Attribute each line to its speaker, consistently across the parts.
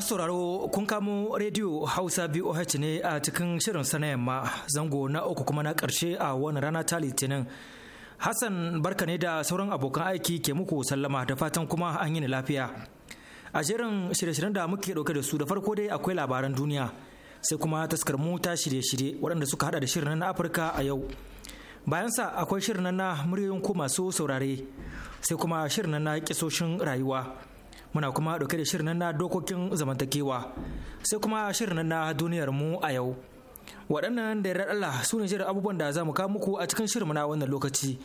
Speaker 1: Masu sauraro kun kamo rediyo Hausa BOH ne a cikin shirin sana yamma zango na uku kuma na karshe a wani rana ta litinin. Hassan barka ne da sauran abokan aiki ke muku sallama da fatan kuma an yi lafiya. A jerin shirye-shiryen da muke ɗauke da su da farko dai akwai labaran duniya sai kuma taskar mu ta shirye-shirye waɗanda suka hada da shirin na Afirka a yau. Bayan sa akwai shirin na muryoyin ku masu saurare sai kuma shirin na kisoshin rayuwa. muna kuma dauke da shirin na dokokin zamantakewa sai kuma shirin na duniyar mu a yau waɗannan da yarda Allah su ne shirin abubuwan da za mu kawo muku a cikin shirin na wannan lokaci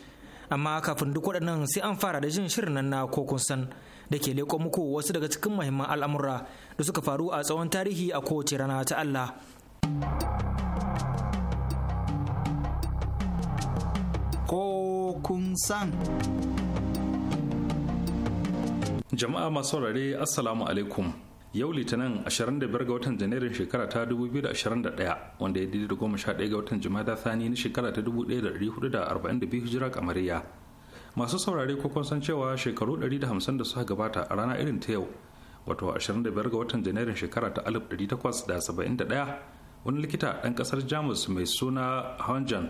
Speaker 1: amma kafin duk waɗannan sai an fara da jin shirin nan ko kokun san da ke leƙo muku wasu daga cikin muhimman al'amura da suka faru a tsawon tarihi a kowace rana ta Allah. Kokun san.
Speaker 2: jama'a masu saurare assalamu alaikum yau litinin 25 ga watan janairun shekara ta 2021 wanda ya daidai da goma sha ɗaya ga watan jima'a thani na shekara ta 1442 hijira kamariya masu saurare ko kun san cewa shekaru 150 da suka gabata a rana irin ta yau wato 25 ga watan janairun shekara ta 1871 wani likita ɗan ƙasar jamus mai suna hanjan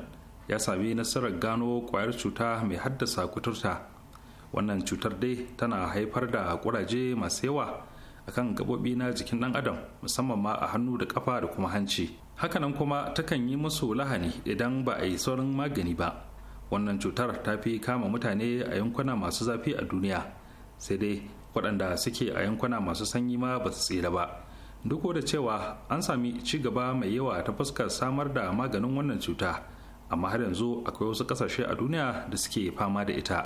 Speaker 2: ya sami nasarar gano kwayar cuta mai haddasa kuturta wannan cutar dai tana haifar da kuraje masu yawa akan gabobi na jikin ɗan adam musamman ma a hannu da kafa da kuma hanci hakanan kuma takan yi musu lahani idan ba a yi saurin magani ba wannan cutar ta fi kama mutane a yankuna masu zafi a duniya sai dai waɗanda suke a yankuna masu sanyi ma ba su tsira ba duk da cewa an sami ci gaba mai yawa ta fuskar samar da maganin wannan cuta amma har yanzu akwai wasu ƙasashe a duniya da suke fama da ita.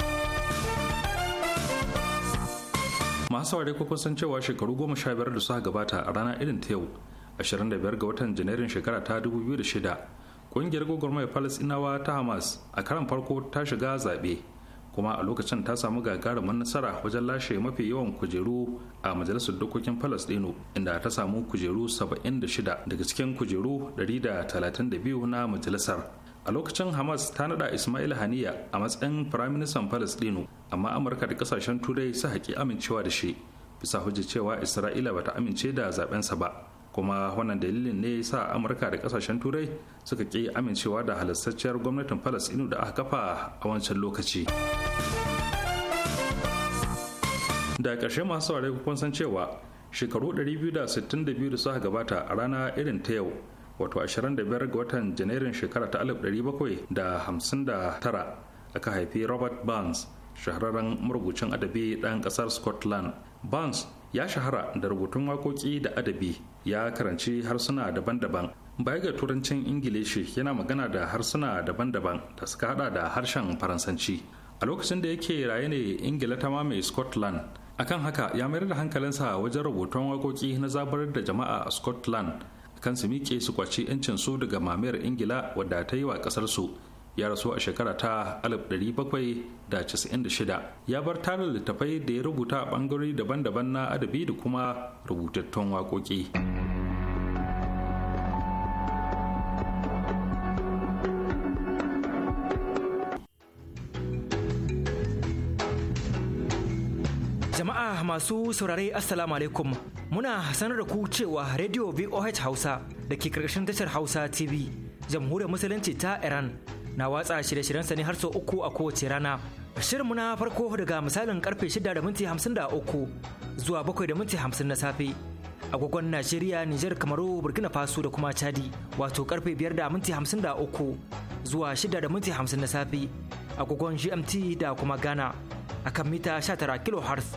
Speaker 2: masu ware ko san cewa shekaru goma sha biyar da suka gabata a rana irin ta yau 25 ga watan janairun shekara ta 2006 kungiyar gwagwarmayar palestinawa ta hamas a karan farko ta shiga zaɓe kuma a lokacin ta samu gagarumin nasara wajen lashe mafi yawan kujeru a majalisar dokokin palestino inda ta samu kujeru 76 daga cikin kujeru 132 na majalisar a lokacin hamas ta nada ismail haniya a matsayin firaministan palestino amma amurka da kasashen turai su haƙi amincewa da shi bisa hujjar cewa isra'ila bata amince da zabensa ba kuma wannan dalilin ne sa amurka da kasashen turai suka ƙi amincewa da halastacciyar gwamnatin falasɗinu da aka kafa a wancan lokaci da ƙarshe masu saurare kun san cewa shekaru 262 da suka gabata a rana irin ta yau wato 25 ga watan janairun shekara ta 1759 aka haifi robert barnes shahararren marubucin adabi ɗan ƙasar scotland barnes ya shahara da rubutun waƙoƙi da adabi ya karanci harsuna daban-daban baya ga turancin ingilishi yana magana da harsuna daban-daban da suka hada da harshen faransanci a lokacin da yake raye ne ingila ta mamaye scotland akan haka ya mayar da hankalinsa wajen rubutun waƙoƙi na zabar da jama'a a scotland kan su miƙe su kwaci 'yancin su daga mamayar ingila wadda ta yi wa ƙasar su ya rasu a shekara ta 1796 ya bar tarin littafai da ya rubuta a ɓangare daban-daban na adabi da kuma rubutattun waƙoƙi.
Speaker 1: masu saurare Assalamu alaikum muna sanar da ku cewa Radio VOH Hausa da ke karkashin tashar Hausa TV jamhuriyar musulunci ta Iran na watsa shirye-shiryen Sani har sau uku a kowace rana. Shirinmu na farko daga misalin karfe shida da minti zuwa bakwai na safe. Agogon Najeriya, Nijar, Kamaru, Burkina Faso da kuma Chadi wato karfe biyar da minti hamsin zuwa shida na safe. Agogon GMT da kuma Ghana akan mita 19 kilohertz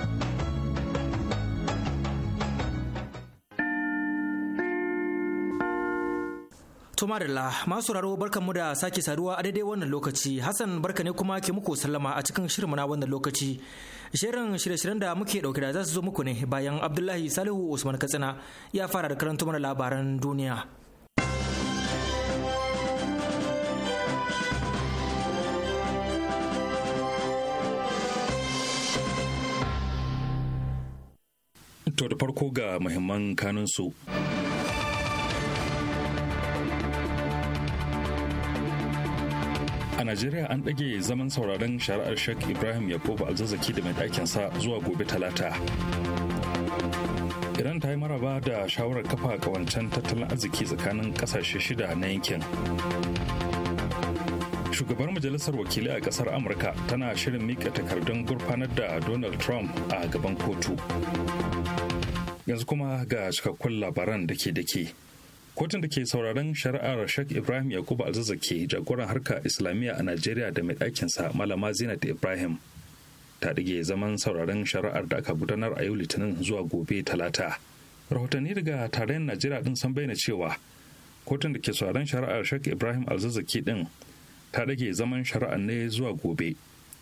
Speaker 1: To madalla masu sauraro barkan mu da sake saduwa a daidai wannan lokaci Hassan barka ne kuma ke muku sallama a cikin shirin na wannan lokaci. Shirin shirye-shiryen da muke dauke da za su zo muku ne bayan Abdullahi Salihu Usman Katsina ya fara da karanta mana labaran duniya.
Speaker 2: To da farko ga muhimman kanunsu. su. a najeriya an ɗage zaman sauraron shari'ar Sheikh ibrahim yakubu alzazzaki da mai ɗakin sa zuwa gobe talata iran ta yi maraba da shawarar kafa kawancen tattalin arziki tsakanin ƙasashe shida na yankin shugabar majalisar Wakili a ƙasar amurka tana shirin mika takardun gurfanar da donald trump a gaban kotu yanzu kuma ga cikakkun labaran da ke da ke kotun da ke sauraron shari'ar shak ibrahim yakubu alzazzaki jagoran harka islamiyya a najeriya da mai ɗakinsa malama zinat ibrahim ta ɗige zaman sauraron shari'ar da aka gudanar a yau litinin zuwa gobe talata rahotanni daga tarayyar najeriya ɗin sun bayyana cewa kotun da ke sauraron shari'ar shak ibrahim alzazzaki ɗin ta ɗage zaman shari'ar ne zuwa gobe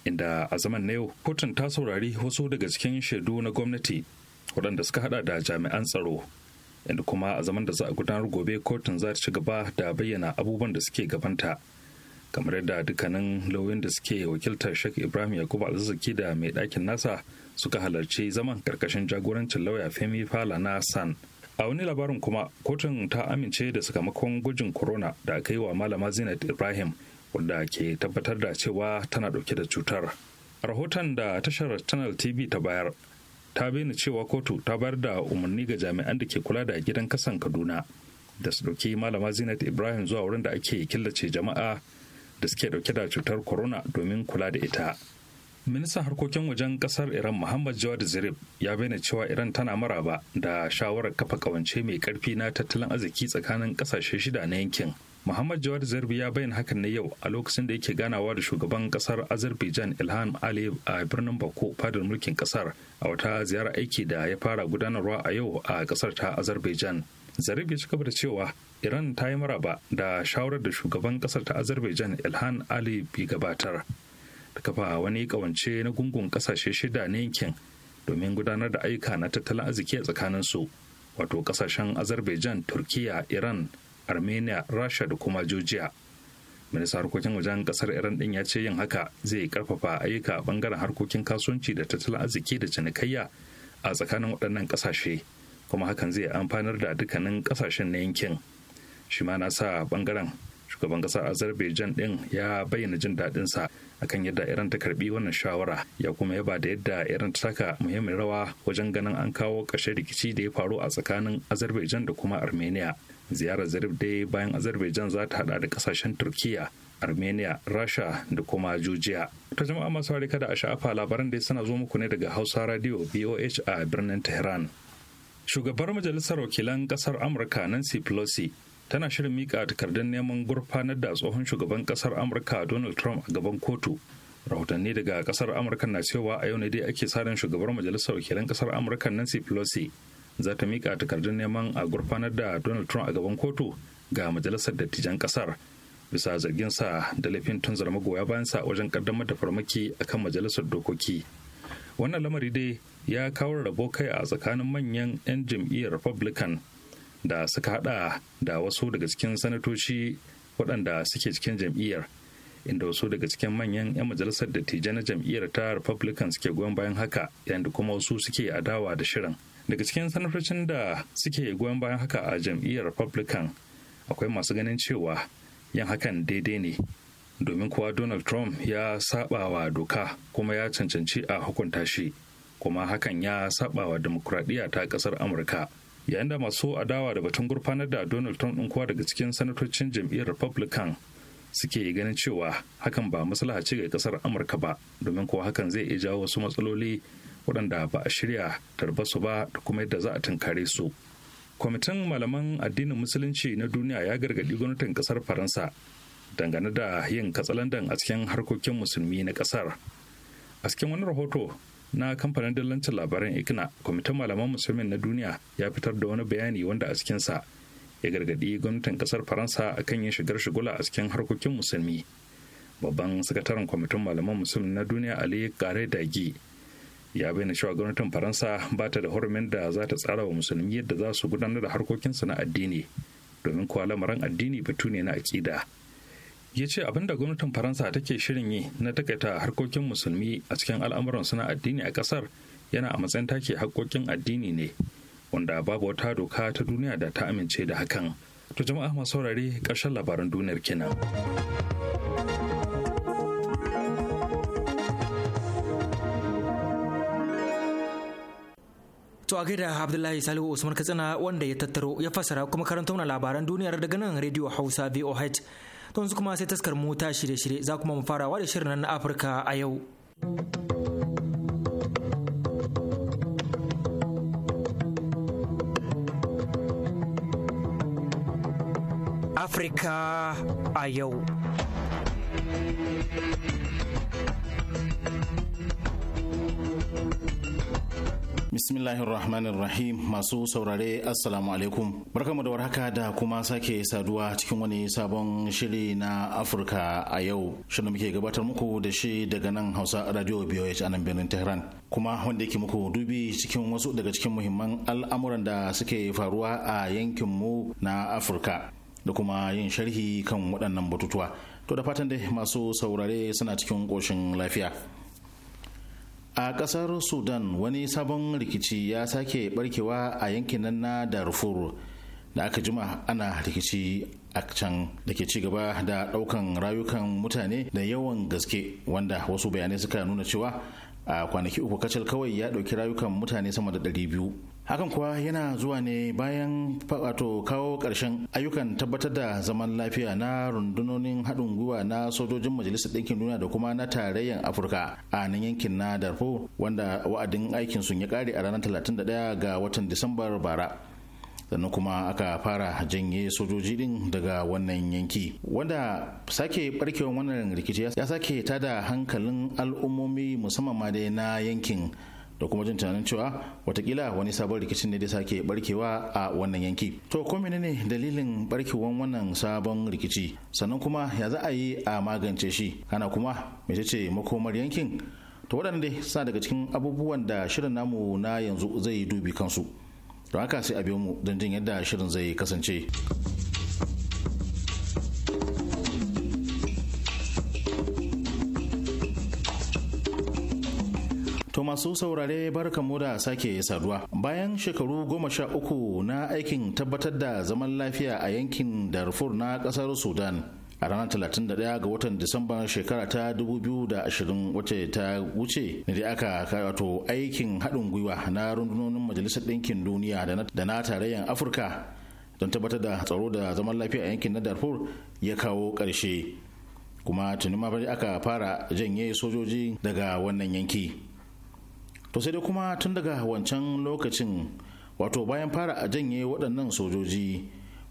Speaker 2: inda a zaman na yau kotun ta saurari wasu daga cikin shaidu na gwamnati waɗanda suka haɗa da jami'an tsaro inda kuma a zaman da za a gudanar gobe kotun za ta ci gaba da bayyana abubuwan da suke gabanta kamar yadda dukkanin lauyoyin da suke wakiltar shek ibrahim yakubu alzazzaki da mai ɗakin nasa suka halarci zaman karkashin jagorancin lauya femi fala na san a wani labarin kuma kotun ta amince da sakamakon gwajin corona da aka yi wa malama zinat ibrahim wadda ke tabbatar da cewa tana ɗauke da cutar rahoton da tashar channel tv ta bayar ta bayyana cewa kotu ta bayar da umarni ga jami'an da ke kula da gidan kasan kaduna da su ɗauki malama zinat ibrahim zuwa wurin da ake killace jama'a da suke dauke da cutar corona domin kula da ita ministan harkokin wajen kasar iran muhammad jawad zarif ya bayyana cewa iran tana maraba da shawarar kafa kawance mai karfi na tattalin arziki tsakanin kasashe shida na yankin muhammad jawad zarbi ya bayyana hakan na yau a lokacin da yake ganawa da shugaban kasar azerbaijan ilham aliyev a birnin bako fadar mulkin kasar a wata ziyara aiki da ya fara gudanarwa a yau a kasar ta azerbaijan Zarbi ya cigaba da cewa iran ta yi maraba da shawarar da shugaban kasar ta azerbaijan ilhan ali bi gabatar Da kafa wani kawance na gungun kasashe shida na yankin domin gudanar da aika na tattalin arziki a tsakanin su wato kasashen azerbaijan turkiya iran armenia rasha da kuma georgia minista harkokin wajen kasar iran din ya ce yin haka zai karfafa ayyuka bangaren harkokin kasuwanci da tattalin arziki da cinikayya a tsakanin waɗannan ƙasashe kuma hakan zai amfanar da dukkanin ƙasashen na yankin shi ma na sa bangaren shugaban ƙasar azerbaijan din ya bayyana jin daɗin sa akan yadda iran ta karbi wannan shawara ya kuma yaba da yadda iran ta taka muhimmin rawa wajen ganin an kawo ƙarshen rikici da ya faru a tsakanin azerbaijan da kuma armenia ziyarar zarif dai bayan azerbaijan za ta hada da kasashen turkiya armenia rasha da kuma jujiya ta jama'a masu harika kada a sha'afa labaran da suna zo muku ne daga hausa radio boh a birnin tehran shugabar majalisar wakilan kasar amurka nancy pelosi tana shirin mika takardun neman gurfanar da tsohon shugaban kasar amurka donald trump a gaban kotu rahotanni daga kasar amurka na cewa a yau ne dai ake sarin shugabar majalisar wakilan kasar amurka nancy pelosi za ta mika takardun neman a gurfanar da donald trump a gaban kotu ga majalisar dattijan kasar bisa zargin sa da laifin tunzar magoya bayan sa wajen kaddamar da farmaki akan majalisar dokoki wannan lamari dai ya kawo rabo kai a tsakanin manyan 'yan jam'iyyar republican da suka hada da wasu daga cikin sanatoci waɗanda suke cikin jam'iyyar inda wasu daga cikin manyan 'yan majalisar dattijai na jam'iyyar ta republican suke goyon bayan haka yayin kuma wasu suke adawa da shirin daga cikin sanatocin da suke goyon bayan haka a jam'iyyar republican akwai masu ganin cewa yin hakan daidai ne domin kuwa donald trump ya saba wa doka kuma ya cancanci a hukunta shi kuma hakan ya saba wa demokuraɗiyya ta ƙasar amurka yayin da masu adawa da batun gurfanar da donald trump ɗin kuwa daga cikin sanatocin jam'iyyar republican suke ganin cewa hakan ba maslaha ce ga ƙasar amurka ba domin kuwa hakan zai iya jawo wasu matsaloli waɗanda ba a shirya su ba da kuma yadda za a tunkare su kwamitin malaman addinin musulunci na duniya ya gargaɗi gwamnatin ƙasar faransa dangane da yin katsalandan a cikin harkokin musulmi na ƙasar a cikin wani rahoto na kamfanin dillancin labaran ikna kwamitin malaman musulmin na duniya ya fitar da wani bayani wanda a cikinsa ya gargaɗi gwamnatin ƙasar faransa akan yin shigar shigula a cikin harkokin musulmi babban sakataren kwamitin malaman musulmi na duniya ali kare dagi ya bayyana cewa gwamnatin faransa ba ta da hurumin da za ta tsara wa musulmi yadda za su gudanar da harkokinsu na addini domin kuwa lamarin addini batu ne na aƙida ya ce abin da gwamnatin faransa take shirin yi na takaita harkokin musulmi a cikin al'amuransu na addini a ƙasar yana a matsayin take harkokin addini ne wanda babu wata doka ta duniya da ta amince da hakan to jama'a masu saurare ƙarshen labaran duniyar kenan
Speaker 1: To a gaida Abdullahi Salihu Usman Katsina wanda ya tattaro ya fasara kuma karanta mana labaran duniyar daga nan Radio Hausa VOH. To yanzu kuma sai taskar mota shirye-shirye za kuma mu farawa da shirin na Afirka a yau. Afirka
Speaker 3: a yau. Bismillahir Rahmanir Rahim masu saurare Assalamu alaikum. Barkamu da warhaka da kuma sake saduwa cikin wani sabon shiri na Afirka a yau. Shirin muke gabatar muku da shi daga nan Hausa Radio BOH a nan birnin Tehran. Kuma wanda yake muku dubi cikin wasu daga cikin muhimman al'amuran da suke faruwa a yankin mu na Afirka da kuma yin sharhi kan waɗannan batutuwa. To da fatan dai masu saurare suna cikin ƙoshin lafiya. a kasar sudan wani sabon rikici ya sake barkewa a yankin nan na darfur da aka jima ana rikici a can da ke gaba da daukan rayukan mutane da yawan gaske wanda wasu bayanai suka nuna cewa a kwanaki uku kacal kawai ya dauki rayukan mutane sama da 200 hakan kuwa yana zuwa ne bayan wato kawo ƙarshen ayyukan tabbatar da zaman lafiya na rundunonin haɗin gwiwa na sojojin majalisar ɗinkin duniya da kuma na tarayyar afirka a nan yankin na darfo wanda wa'adin aikin sun ya ƙare a ranar 31 ga watan disambar bara sannan kuma aka fara janye sojoji din daga wannan yanki wanda sake barkewan wannan rikici ya sake tada hankalin al'ummomi musamman ma dai na yankin da kuma jin tunanin cewa watakila wani sabon rikicin ne da sake barkewa a wannan yanki to ko ne dalilin barkewan wannan sabon rikici sannan kuma ya za a yi a magance shi ana kuma mecece makomar yankin to waɗanda dai suna daga cikin abubuwan da shirin namu na yanzu zai dubi kansu don haka sai a biyo mu don jin yadda shirin zai kasance. masu saurare barkamu da sake saduwa bayan shekaru goma sha uku na aikin tabbatar da zaman lafiya a yankin darfur na kasar sudan a ranar 31 ga watan disamba shekara ta 2020 wacce ta wuce da aka karato aikin haɗin gwiwa na rundunonin majalisar ɗinkin duniya da na tarayyar afirka don tabbatar da tsaro da zaman lafiya a yankin na darfur ya kawo ƙarshe kuma tuni ma aka fara janye sojoji daga wannan yanki to sai dai kuma tun daga wancan lokacin wato bayan fara a janye waɗannan sojoji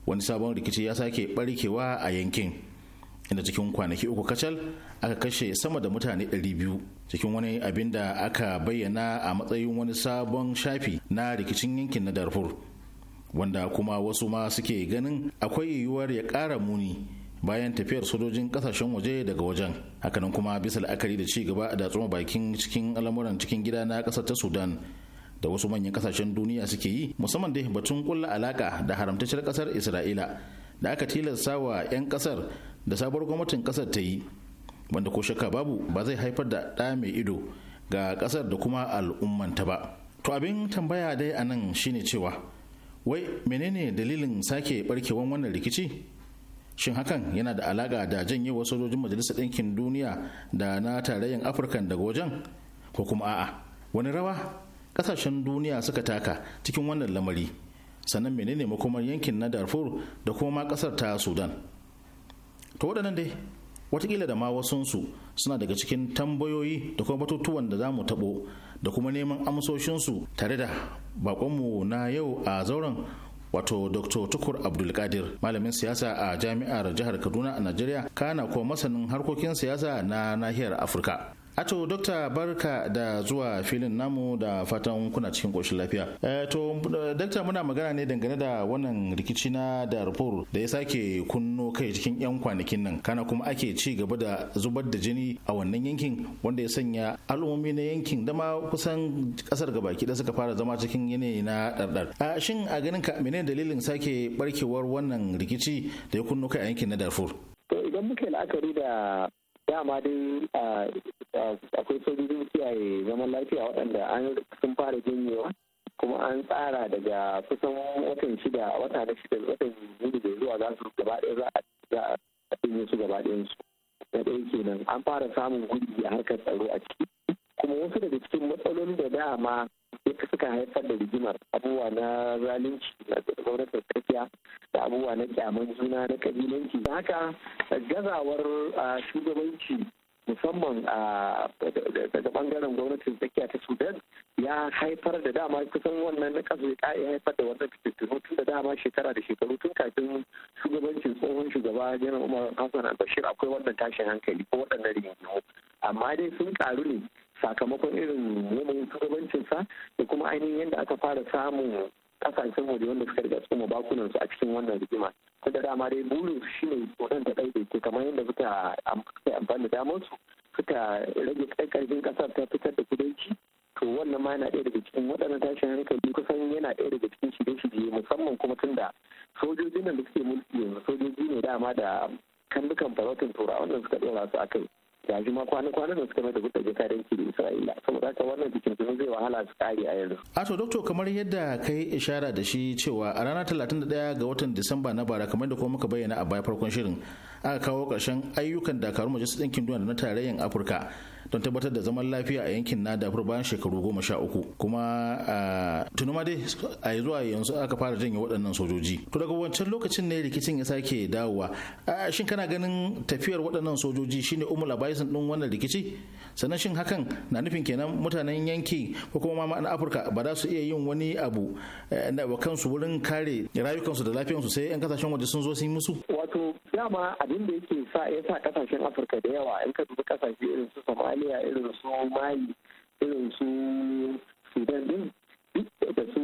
Speaker 3: wani sabon rikici ya sake barkewa a yankin inda cikin kwanaki uku kacal aka kashe sama da mutane 200 cikin wani abin da aka bayyana a matsayin wani sabon shafi na rikicin yankin na darfur wanda kuma wasu ma suke ganin akwai yiwuwar ya ƙara muni bayan tafiyar sojojin kasashen waje daga wajen hakanan kuma bisa la'akari da ci gaba da tsoma bakin cikin al'amuran cikin gida na kasar ta sudan da wasu manyan kasashen duniya suke yi musamman da batun kulla alaka da haramtacciyar kasar isra'ila da aka tilasta wa 'yan kasar da sabuwar gwamnatin kasar ta yi wanda ko shakka babu ba zai haifar da ɗa mai ido ga kasar da kuma al'ummanta ba to abin tambaya dai anan shine cewa wai menene dalilin sake barkewan wannan rikici shin hakan yana da alaƙa da janyewa sojojin majalisar ɗinkin duniya da na tarayyar afirka daga wajen ko kuma a'a wani rawa ƙasashen duniya suka taka cikin wannan lamari sannan menene makomar yankin na darfur da kuma ma ƙasar ta sudan to waɗannan dai watakila da ma wasunsu suna daga cikin tambayoyi da kuma batutuwan da za mu taɓo da kuma neman amsoshinsu tare da bakonmu na yau a zauren wato dr tukur abdulkadir malamin siyasa a jami'ar jihar kaduna a najeriya kana kuma masanin harkokin siyasa na nahiyar afirka Ato Dokta barka da zuwa filin namu da fatan kuna cikin ƙoshin lafiya. Eh, to Dokta muna magana ne dangane da wannan rikici na Darfur da ya sake kunno kai cikin 'yan kwanakin nan kana kuma ake ci gaba da zubar da jini a wannan yankin wanda ya sanya al'ummomi na yankin dama kusan kasar gabaki da suka fara zama cikin yanayi na ɗarɗar. A shin a ganin ka menene dalilin sake barkewar wannan rikici da ya kunno kai a yankin na Darfur?
Speaker 4: To idan muke la'akari da dama dai akwai sojojin kiyaye zaman lafiya waɗanda an sun fara jinyewa kuma an tsara daga kusan watan shida wata na shida watan yuli da zuwa za su gaba za a za a su gaba ɗayan su na ɗaya kenan an fara samun gudu a harkar tsaro a ciki kuma wasu daga cikin matsalolin da dama duka suka haifar da rigimar abubuwa na zalunci na gwamnatin tsakiya da abubuwa na kyaman juna na kabilanci da haka gazawar shugabanci musamman daga bangaren gwamnatin tsakiya ta sudan ya haifar da dama kusan wannan na kasu ya haifar da wannan fitattun tun da dama shekara da shekaru tun kafin shugabancin tsohon shugaba janar umar hassan al-bashir akwai wannan tashin hankali ko waɗannan rigingimu amma dai sun karu ne sakamakon irin yanayin shugabancinsa da kuma ainihin yadda aka fara samun kasashen waje wanda suka riga tsoma bakunan su a cikin wannan rigima da dama dai burin su shine tsoron ta ke kamar yadda suka amfani da damar su suka rage ƙarfin ƙasar ta fitar da kudanci to wannan ma yana ɗaya daga cikin waɗannan tashin hankali kusan yana ɗaya daga cikin shige-shige musamman kuma tun da sojojin nan da suke mulki yanzu sojoji ne dama da dukan farautin turawan nan suka ɗora su a kai yanzu ma kwanan kwanan da suka mata gudaje yanki da isra'ila saboda haka wannan cikin zai wahala su kare a yanzu.
Speaker 3: a to doctor kamar yadda ka yi ishara da shi cewa a ranar ɗaya ga watan disamba na bara kamar da kuma muka bayyana a baya farkon shirin aka kawo ƙarshen ayyukan dakarun majalisar ɗinkin duniya da na tarayyar afirka don tabbatar da zaman lafiya a yankin na dafur bayan shekaru goma sha uku kuma a tunuma dai a yi zuwa yanzu aka fara janye waɗannan sojoji to daga wancan lokacin ne rikicin ya sake dawowa a shin kana ganin tafiyar waɗannan sojoji shine umul abaisin din wannan rikici sannan shin hakan na nufin kenan mutanen yanki ko kuma ma na afirka ba za su iya yin wani abu eh, wa kansu wurin kare rayukansu da lafiyansu sai yan kasashen waje sun zo sun yi musu
Speaker 4: wato dama abin da yake sa ya sa kasashen afirka da yawa in ka dubi kasashe irin su Somalia irin su mali irin su sudan din da su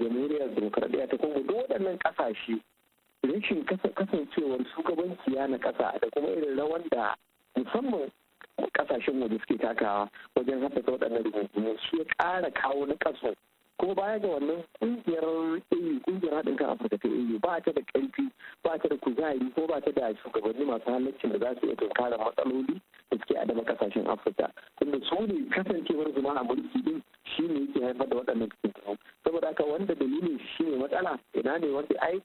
Speaker 4: jamhuriyar demokradiyya ta kongo duk waɗannan ƙasashe rashin kasancewar shugabanci ya na ƙasa da kuma irin rawan da musamman ƙasashen waje suke takawa wajen haɗa waɗannan rigingimu su ya ƙara kawo na ƙaso kuma baya ga wannan kungiyar AU kungiyar haɗin kan Afirka ta AU ba ta da ƙarfi ba ta da kuzari ko ba ta da shugabanni masu halaccin da za su iya tunkarar matsaloli da suke adama kasashen Afirka tunda su ne kasancewar zuma a mulki din shi ne yake haifar da waɗannan cikin saboda haka wanda dalilin shi ne matsala ina ne wanda ai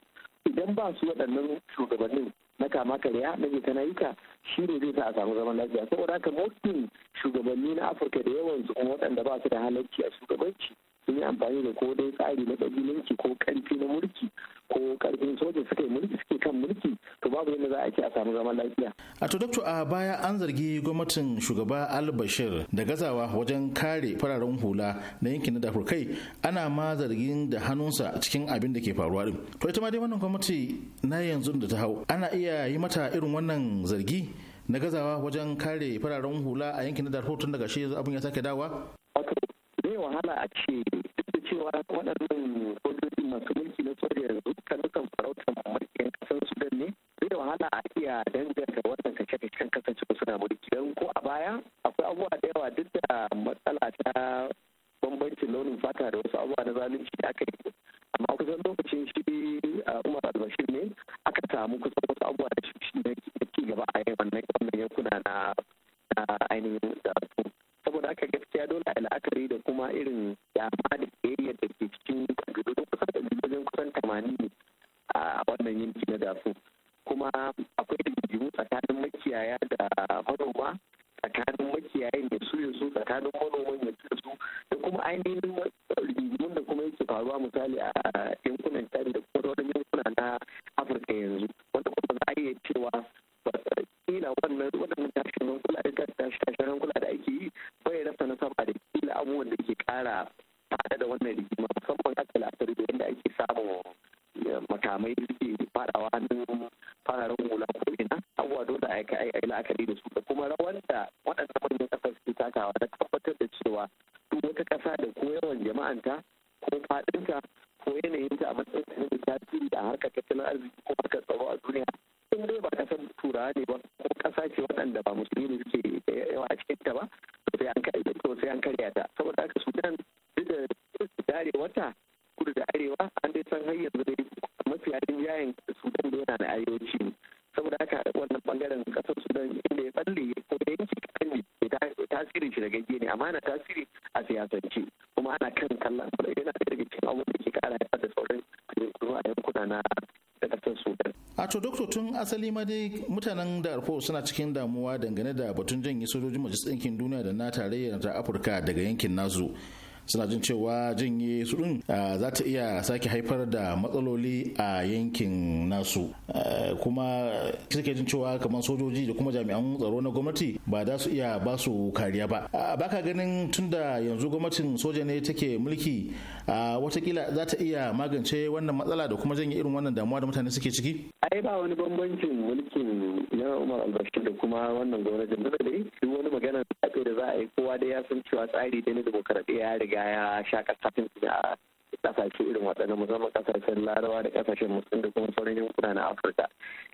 Speaker 4: idan ba su waɗannan shugabannin na kama karya na je ta yika shi ne zai sa a samu zaman lafiya saboda haka motsin shugabanni na afirka da yawan su waɗanda ba su da halarci a shugabanci sun yi amfani da ko dai tsari na ƙabilanci ko ƙarfi na mulki ko ƙarfin soja suka yi mulki suke kan mulki to babu yadda za a ce a samu zaman lafiya.
Speaker 3: a to dr a baya an zargi gwamnatin shugaba al da gazawa wajen kare fararen hula na yankin da kai ana ma zargin da hannunsa cikin abin da ke faruwa din to ita ma dai wannan gwamnati na yanzu da ta hau ana iya yi mata irin wannan zargi na gazawa wajen kare fararen hula a yankin da tun daga shi abin ya sake dawa?
Speaker 4: wahala a ce duk da cewa waɗannan sojoji masu mulki na soja yanzu dukkanin farautar mulkin kasar sudan ne zai wahala a iya danganta wannan kashe-kashen kasancewa suna mulki don ko a baya akwai abubuwa da yawa duk da matsala ta bambancin launin fata da wasu abubuwa na zalunci da aka yi amma kusan lokacin shi a ah, umar albashir ne aka samu kusan wasu abubuwa da shi na ci gaba a yi wannan yankuna na ainihin da ah,
Speaker 3: asali ma dai mutanen darfur suna cikin damuwa dangane da batun janye sojojin majalisar ɗinkin duniya da na tarayyar ta afirka daga yankin nasu suna jin cewa janye su din za ta iya sake haifar da matsaloli a yankin nasu kuma suke jin cewa kamar sojoji da kuma jami'an tsaro na gwamnati ba za su iya ba su kariya ba baka ganin tunda yanzu gwamnatin soja ne take mulki watakila za ta iya magance wannan matsala da kuma janye irin wannan damuwa da mutane suke ciki
Speaker 4: ba wani bambancin mulkin yana umar albashir da kuma wannan gwamnatin duka dai duk wani magana zaɓe da za a yi kowa dai ya san cewa tsari da na demokaradiyya ya riga ya sha kasafin a kasashe irin waɗannan musamman kasashen larawa da kasashen musulun da kuma sauran yankuna na afirka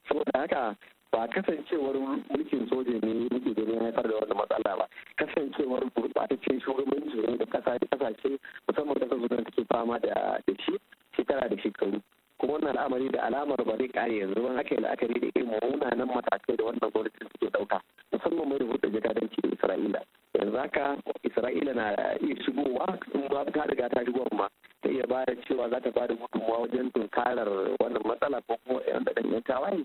Speaker 4: saboda haka ba kasancewar mulkin soja ne yake ya haifar da wani matsala ba kasancewar gurɓataccen shugabanci ne da kasashe musamman kasar da take fama da shi shekara da shekaru kuma wannan al'amari da alamar ba zai kare yanzu aka ake la'akari da irin munanan matakai da wannan gwamnati suke dauka musamman mai rubuta jakadanci da isra'ila yanzu haka isra'ila na iya shigowa sun ba ta riga ta shigo amma ta iya bada cewa za ta bada gudunmawa wajen tunkarar wannan matsala ko kuma yan da ɗan tawaye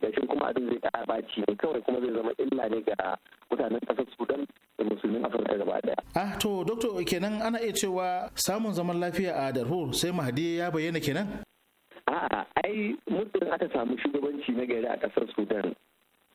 Speaker 4: gashin kuma abin zai ƙara ɓaci ne kawai kuma zai zama illa ne ga mutanen ƙasar sudan da musulmin afirka gaba ɗaya?
Speaker 3: ah to doctor kenan ana iya cewa samun zaman lafiya a darfur sai mahdi ya bayyana kenan.
Speaker 4: a'a ai muddin aka samu shugabanci na gari a ƙasar sudan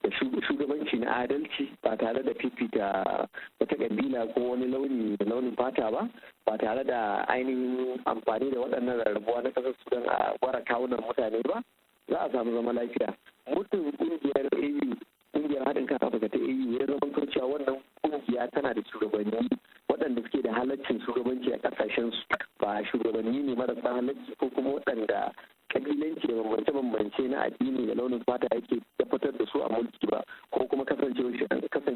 Speaker 4: da shugabanci na adalci ba tare da fifita wata kabila ko wani launi da launin fata ba ba tare da ainihin amfani da waɗannan rarrabuwa na ƙasar sudan a wara kawunan mutane ba za a samu zama lafiya Muddin ƙungiyar au ƙungiyar haɗin kan afirka ta au ya zama kurciya wannan ƙungiya tana da shugabanni waɗanda suke da halaccin shugabanci a ƙasashen su ba shugabanni ne marasa halacci ko kuma waɗanda kabilanci bambance bambance na addini da launin fata yake tabbatar da su a mulki ba ko kuma kasance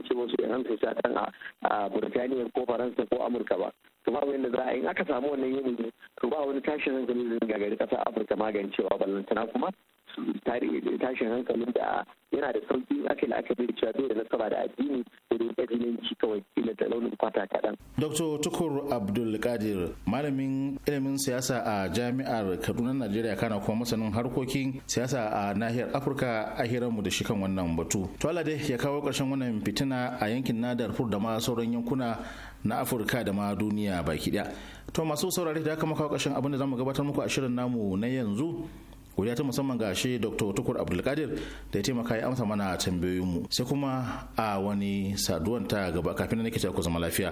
Speaker 4: su yan sa a burtaniya ko faransa ko amurka ba to ba wanda za a yi aka samu wannan yanayi to ba wani tashin hankali da gagari kasa afirka magancewa ballantana kuma tashin hankalin da yana da sauki ake la'akari da cewa bai da nasaba da addini da dai kabilanci kawai ila da launin kwata kaɗan.
Speaker 3: Dr. Tukur Abdulkadir malamin ilimin siyasa a jami'ar Kaduna Najeriya kana kuma masanin harkokin siyasa a nahiyar Afirka a hiranmu da shi kan wannan batu. To Allah dai ya kawo ƙarshen wannan fitina a yankin na Darfur da ma sauran yankuna na afirka da ma duniya baki ɗaya, to masu saurari da aka maka ƙarshen abin da zamu gabatar muku a shirin namu na yanzu godiya ta musamman ga shi dr tukur abdulkadir da ya taimaka ya amsa mana tambayoyinmu sai kuma a wani saduwan ta gaba kafin da nake ta ku zama lafiya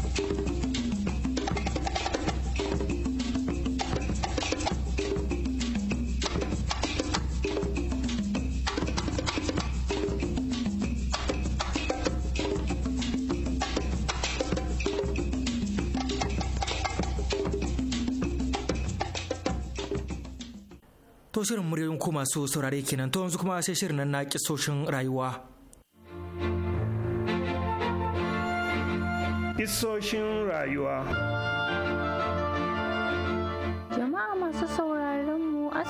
Speaker 1: shirin muryoyin ku masu saurare kenan to yanzu kuma sai shirin nan na kisoshin rayuwa.
Speaker 5: Kisoshin rayuwa.
Speaker 6: Jama'a masu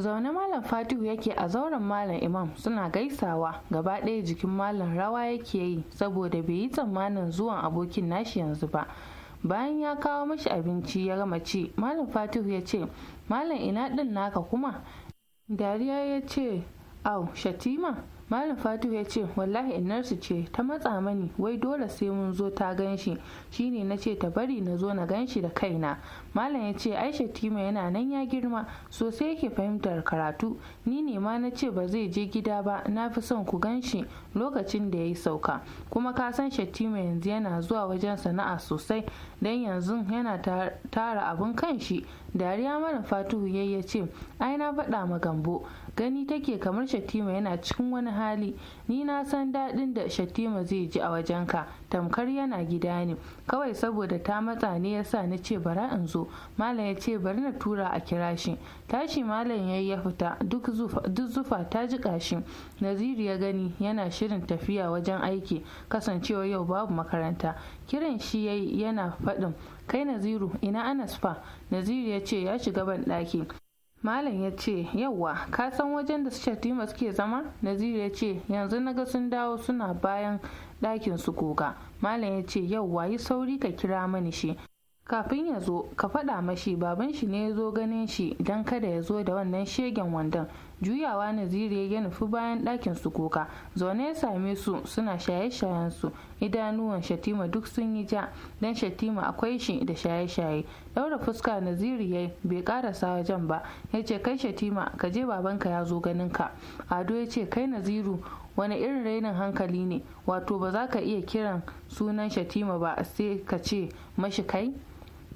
Speaker 6: zaune malam fatihu yake a zauren malam imam suna gaisawa gaba ɗaya jikin malam rawa yake yi saboda bai yi tsammanin zuwan abokin nashi yanzu ba bayan ya kawo mashi abinci ya gama ci malam fatihu ya ce malam ina ɗin naka kuma dariya ya ce au shatima malam fatihu ya ce wallahi su ce ta matsa mani wai dole sai mun zo ta ganshi shine na ce ta bari na zo na ganshi da kaina malam ya ce ai shatima yana nan ya girma sosai yake fahimtar karatu ni ne ma na ce ba zai je gida ba na fi son ku gan shi lokacin da ya yi sauka kuma ka san shatima yanzu yana zuwa wajen sana'a sosai don yanzu yana tara abin shi dariya mara fatuhu ya ce ai na faɗa ma gambo gani take kamar shatima yana cikin wani hali ni na san daɗin da shatima zai ji a wajenka tamkar yana gida ne kawai saboda ta matsa ne ya sa na ce bara in zo malam ya ce bari na tura a kira shi tashi malam ya ya fita duk zufa ta ji kashi. naziru ya gani yana shirin tafiya wajen aiki kasancewa yau babu makaranta kiran shi yayi yana faɗin kai naziru ina anas fa naziru ya ce ya shiga ban ɗaki Malam ya ce, yauwa ka san wajen da Shatima suke zama?" Naziru ya ce, "Yanzu na ga sun dawo suna bayan ɗakin su kuka malam ya ce yau wayi sauri ka kira mani shi kafin ya zo ka faɗa mashi baban shi ne ya zo ganin shi don kada ya zo da wannan shegen wandon juyawa naziru ya nufi bayan ɗakin su kuka zaune ya same su suna shaye-shayen su idanuwan shatima duk sun yi ja don shatima akwai shi da shaye-shaye daura fuska naziru ya bai karasa wajen ba ya ce kai shatima ka je babanka ya zo ganin ka ado ya ce kai naziru wani irin rainin hankali ne wato ba za ka iya kiran sunan shatima ba sai ka ce mashi kai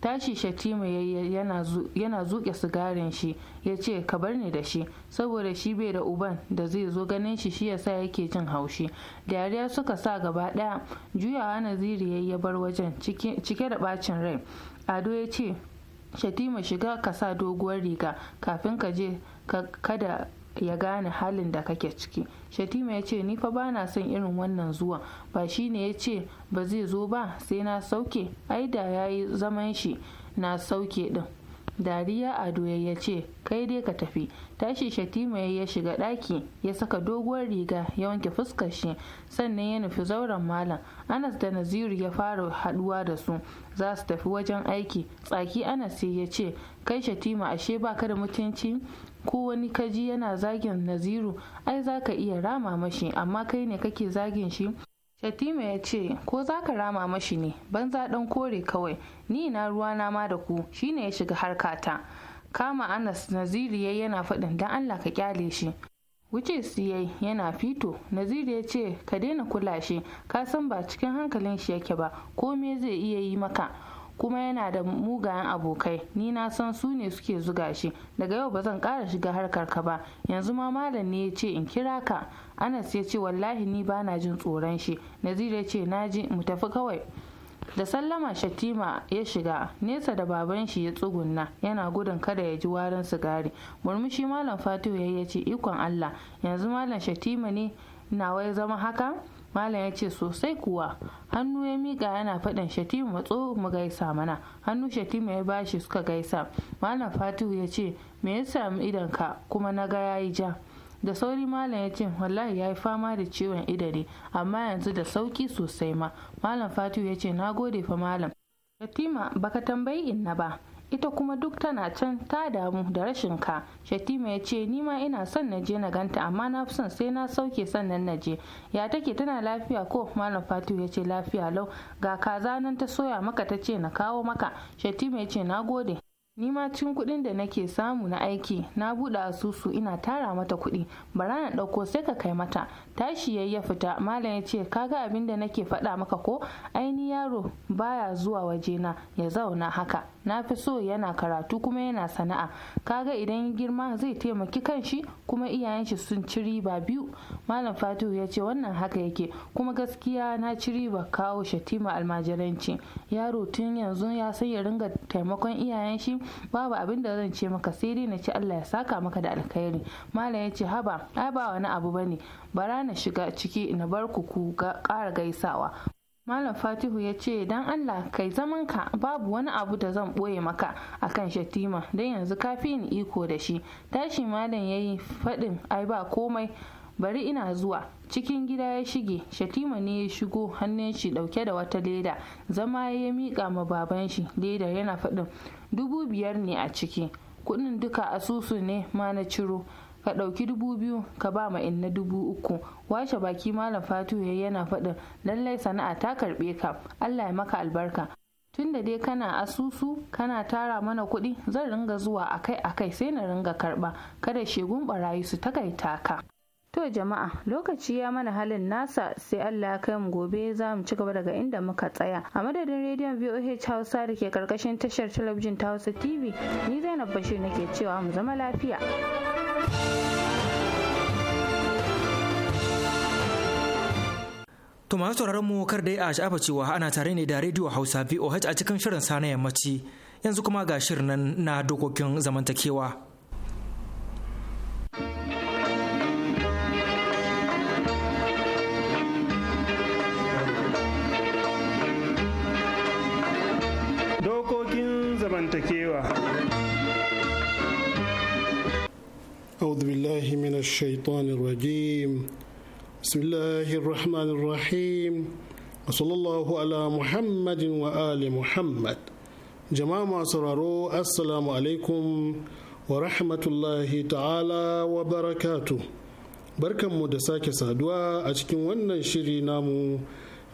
Speaker 6: tashi shatima yana zuke sigarin shi ya ce ka bar ni da shi saboda shi bai da uban da zai zo ganin shi shi yasa yake jin haushi da dariya suka sa gaba daya juyawa naziri ya bar wajen cike da bacin rai ado ya ce shatima shiga ka sa doguwar riga kafin ka je kada ya gane halin da kake ciki shatima ya ce ni fa ba na son irin wannan zuwa ba shine ya ce ba zai zo ba sai na sauke ai da ya yi zaman shi na sauke din dariya ado ya ce kai dai ka tafi tashi shatima ya shiga ɗaki ya saka doguwar riga ya wanke fuskar shi sannan ya nufi zauren malam anas da naziru ya fara haduwa da su za su tafi wajen aiki tsaki anas sai ya ce kai shatima ashe ba ka da mutunci ko wani kaji yana zagin naziru ai za ka iya rama mashi amma kai ne kake zagin shi shatima ya ce ko za ka rama mashi ne banza dan kore kawai ni na ruwana ma da ku shine ya shiga harkata kama anas naziru ya yana faɗin dan allah ka kyale shi wuce siyai yana fito naziru ya ce ka daina kula shi ka san ba cikin hankalin shi yake ba ko me zai iya yi maka kuma yana da mugayen abokai ni na san su ne suke zuga shi daga yau ba zan kara shiga harkar ka ba yanzu ma malam ne ya ce in kira ka anas ya ce wallahi ni ba na jin tsoron shi nazir ya ce na ji mu tafi kawai da sallama shatima ya shiga nesa da baban shi ya tsugunna yana gudun kada ya ji warin sigari murmushi malam fatihu ya ce ikon allah yanzu malam shatima ne nawai wai zama haka malam ya ce sosai kuwa hannu ya mika yana faɗin shatima matso mu gaisa mana hannu shatima ya bashi suka gaisa malam fatihu ya ce me ya sami idan ka kuma na ga yayi ja da sauri malam ya ce wallahi ya yi fama da ciwon idare amma yanzu da sauki sosai ma malam fatihu ya ce na gode fa malam shatima baka tambayi inna ba ita kuma duk tana can ta damu da rashin ka shatima ya ce ni ma ina son na je na ganta amma na fi son sai na sauke sannan na je ya take tana lafiya ko malam fatu ya ce lafiya lau ga kaza nan ta soya maka ta ce na kawo maka shatima ya ce na gode ni ma cikin kuɗin da nake samu na aiki na buɗe asusu ina tara mata kuɗi bara na ɗauko sai ka kai mata tashi yayi ya fita malam ya ce ga abin da nake faɗa maka ko aini yaro baya zuwa wajena ya zauna haka na fi so yana karatu kuma yana sana'a kaga idan girma zai taimaki kanshi kuma iyayen shi sun ci riba biyu malam fatihu ya ce wannan haka yake kuma gaskiya na ci riba kawo shatima almajiranci yaro tun yanzu ya san ya ringa taimakon iyayen shi babu abin da zan ce maka sai dai na ci allah ya saka maka da alkhairi malam ya ce haba ai ba wani abu bane bara na shiga ciki na bar ku ku ƙara gaisawa Malam Fatihu ya ce, "Don Allah, kai zaman ka babu wani abu da zan ɓoye maka a kan shatima, don yanzu ka fi ni iko da shi." Tashi Malam ya yi faɗin, "Ai ba komai, bari ina zuwa." Cikin gida ya shige, shatima ne ya shigo hannun shi ɗauke da wata leda, zama ya miƙa ma baban shi leda yana faɗin, "Dubu biyar ne a ciki, kuɗin duka asusu ne ma na ciro." ka ɗauki dubu biyu ka ba ma in na dubu uku washe baki malam fatu ya yana faɗin lallai sana'a ta karɓe ka allah ya maka albarka tun da dai kana asusu kana tara mana kuɗi zan ringa zuwa akai-akai sai na ringa karɓa kada shegun barayi su takaita ka To jama'a lokaci ya mana halin nasa sai Allah ya kai mu gobe za mu ci gaba daga inda muka tsaya. A madadin rediyon VOH Hausa da ke karkashin tashar talabijin ta Hausa TV, ni Zainab Bashir nake cewa mu zama lafiya.
Speaker 1: To masu sauraron mu kar dai a sha'afa cewa ana tare ne da rediyo Hausa VOH a cikin shirin sa na yammaci yanzu kuma ga shirin nan na dokokin zamantakewa.
Speaker 5: Dokokin zamantakewa. أعوذ بالله من الشيطان الرجيم بسم الله الرحمن الرحيم وصلى الله على محمد وآل محمد جماعة سرارو السلام عليكم ورحمة الله تعالى وبركاته barkanmu da sake saduwa a cikin wannan shiri namu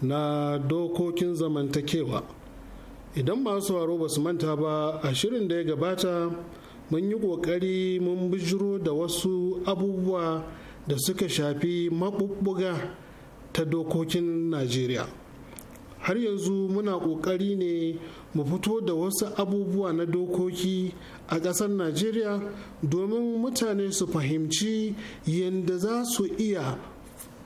Speaker 5: na dokokin zamantakewa idan masu haro ba su manta ba a shirin da ya gabata mun yi ƙoƙari mun bijiro da wasu abubuwa da suka shafi maɓuɓɓuga ta dokokin najeriya har yanzu muna ƙoƙari ne mu fito da wasu abubuwa na dokoki a ƙasar najeriya domin mutane su fahimci yadda za su iya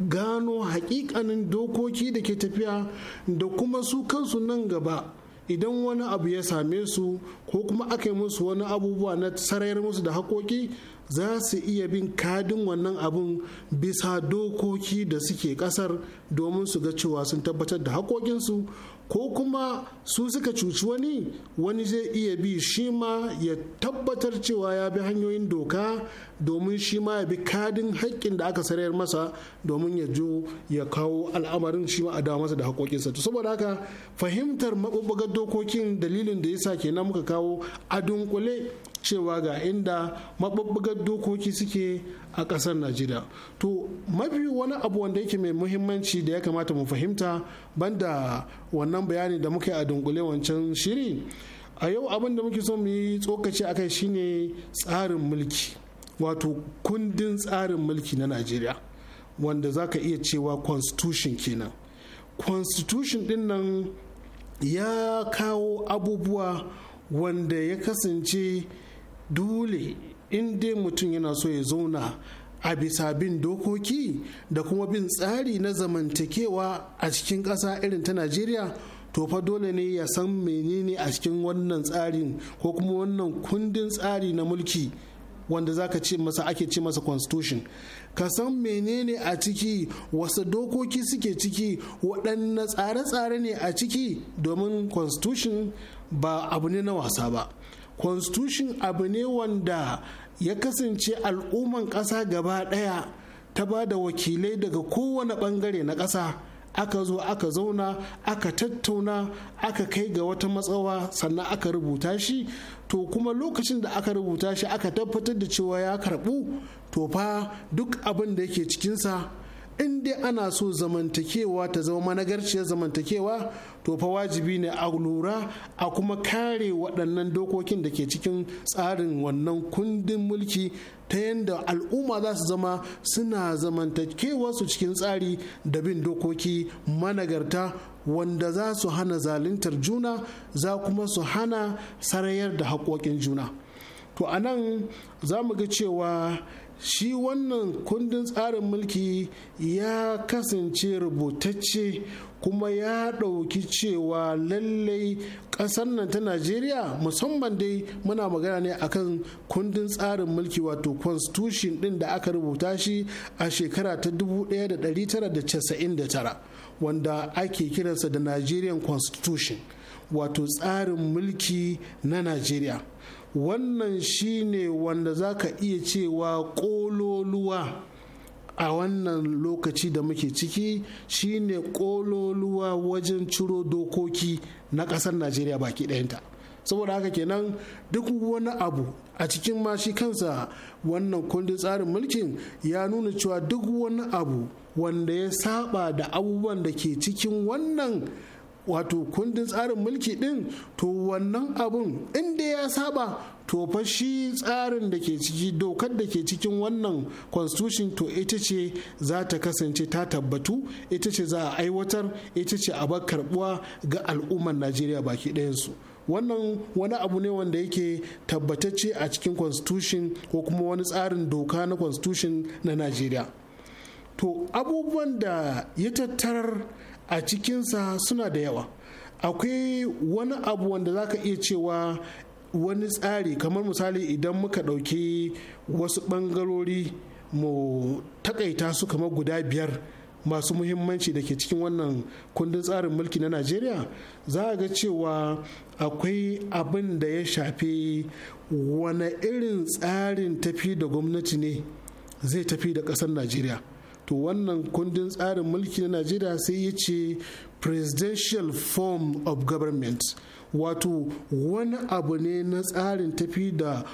Speaker 5: gano hakikanin dokoki da ke tafiya da kuma su kansu nan gaba idan wani abu ya same su ko kuma aka yi musu wani abubuwa na sarayar musu da haƙoƙi za su iya bin kadin wannan abun bisa dokoki da suke ƙasar domin su ga cewa sun tabbatar da haƙoƙinsu ko kuma su suka cuci wani wani zai iya bi shi ma ya tabbatar cewa ya bi hanyoyin doka domin shi ma ya bi kadin haƙƙin da aka sarayar masa domin ya jo ya kawo al'amarin shi ma a dawo masa da haƙoƙinsa to saboda haka fahimtar maɓuɓɓugar dokokin dalilin da yasa kenan muka kawo a dunkule cewa ga inda maɓaɓɓugar dokoki suke a ƙasar najeriya to mafi wani abu wanda yake mai muhimmanci da ya kamata mu fahimta banda wannan bayani da muka yi a dunkule wancan shiri a yau abin da muke so mu yi tsokaci akai shine tsarin mulki wato kundin tsarin mulki na najeriya wanda za ka iya cewa constitution kenan constitution din nan ya kawo abubuwa wanda ya kasance dole in dai mutum yana so ya zauna a bisa bin dokoki da kuma bin tsari na zamantakewa a cikin ƙasa irin ta najeriya to fa dole ne ya san menene a cikin wannan tsarin ko kuma wannan kundin tsari na mulki wanda za ka ce masa ake ce masa constitution ka san menene a ciki wasu dokoki suke ciki waɗanne tsare-tsare ne a ciki domin constitution ba abu ne na wasa ba constitution abu ne wanda ya kasance al'umman ƙasa gaba ɗaya ta ba da wakilai daga kowane bangare na ƙasa aka zo aka zauna aka tattauna aka kai ga wata matsawa sannan aka rubuta shi to kuma lokacin da aka rubuta shi aka tabbatar da cewa ya karɓu to fa duk abin da yake cikinsa in dai ana so zamantakewa ta zama managarciyar zamantakewa to fa wajibi ne a lura a kuma kare waɗannan dokokin da ke cikin tsarin wannan kundin mulki ta yadda al'umma za su zama suna zamantakewa su cikin tsari da bin dokoki managarta wanda za su hana zaluntar juna za kuma su hana sarayar da haƙoƙin juna to anan za mu ga cewa shi wannan kundin tsarin mulki ya kasance rubutacce kuma ya ɗauki cewa lallai ƙasar nan ta najeriya musamman dai muna magana ne akan kundin tsarin mulki wato constitution ɗin da aka rubuta shi a shekara ta 1999 wanda ake kiransa da nigerian constitution wato tsarin mulki na najeriya wannan shine wanda za ka iya cewa ƙololuwa a wannan lokaci da muke ciki shine ƙololuwa wajen ciro dokoki na ƙasar najeriya baki ɗayanta saboda haka kenan duk wani abu a cikin ma shi kansa wannan kundin tsarin mulkin ya nuna cewa duk wani abu wanda ya saba da abubuwan da ke cikin wannan wato kundin tsarin mulki din to wannan abun inda ya saba to fa shi tsarin da ke ciki dokar da ke cikin wannan constitution to ita ce za ta kasance ta tabbatu ita ce za a aiwatar ita ce a bar karbuwa ga al'ummar najeriya baki ɗayansu wannan wani abu ne wanda yake tabbatacce a cikin constitution ko kuma wani tsarin doka na constitution na najeriya to abubuwan da ya tattarar a cikinsa suna da yawa akwai wani abu wanda za ka iya cewa wani tsari kamar misali idan muka ɗauki wasu ɓangarori mu takaita su kamar guda biyar masu muhimmanci da ke cikin wannan kundin tsarin mulki na najeriya za a ga cewa akwai abin da ya shafi wane irin tsarin tafi da gwamnati ne zai tafi da ƙasar najeriya to wannan kundin tsarin mulki na najeriya sai ya ce presidential form of government wato wani abu ne na tsarin tafi da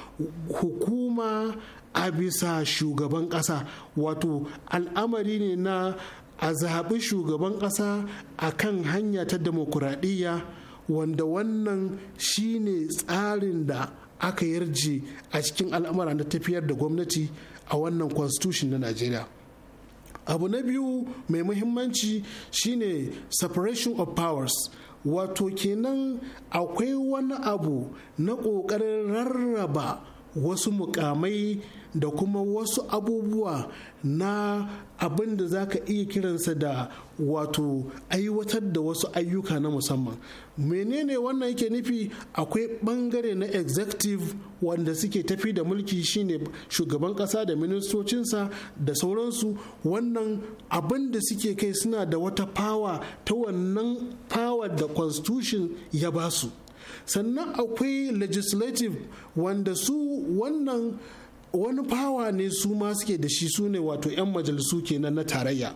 Speaker 5: hukuma a bisa shugaban ƙasa wato al'amari ne na a zaɓi shugaban ƙasa a kan hanya ta demokuraɗiyya wanda wannan shine tsarin da aka yarje a cikin al'amura na tafiyar da gwamnati a wannan constitution na najeriya abu na biyu mai muhimmanci shine separation of powers wato kenan akwai wani abu na ƙoƙarin rarraba wasu mukamai da kuma wasu abubuwa na abin da za ka iya kiransa da wato aiwatar da wasu ayyuka na musamman menene wannan yake nufi akwai bangare na executive wanda suke tafi da mulki shine shugaban kasa da ministocinsa da sauransu wannan abin da suke kai suna da wata power ta wannan power da constitution ya basu sannan akwai legislative wanda su wannan wani fawa ne su ma suke da shi su ne wato 'yan majalisu kenan na tarayya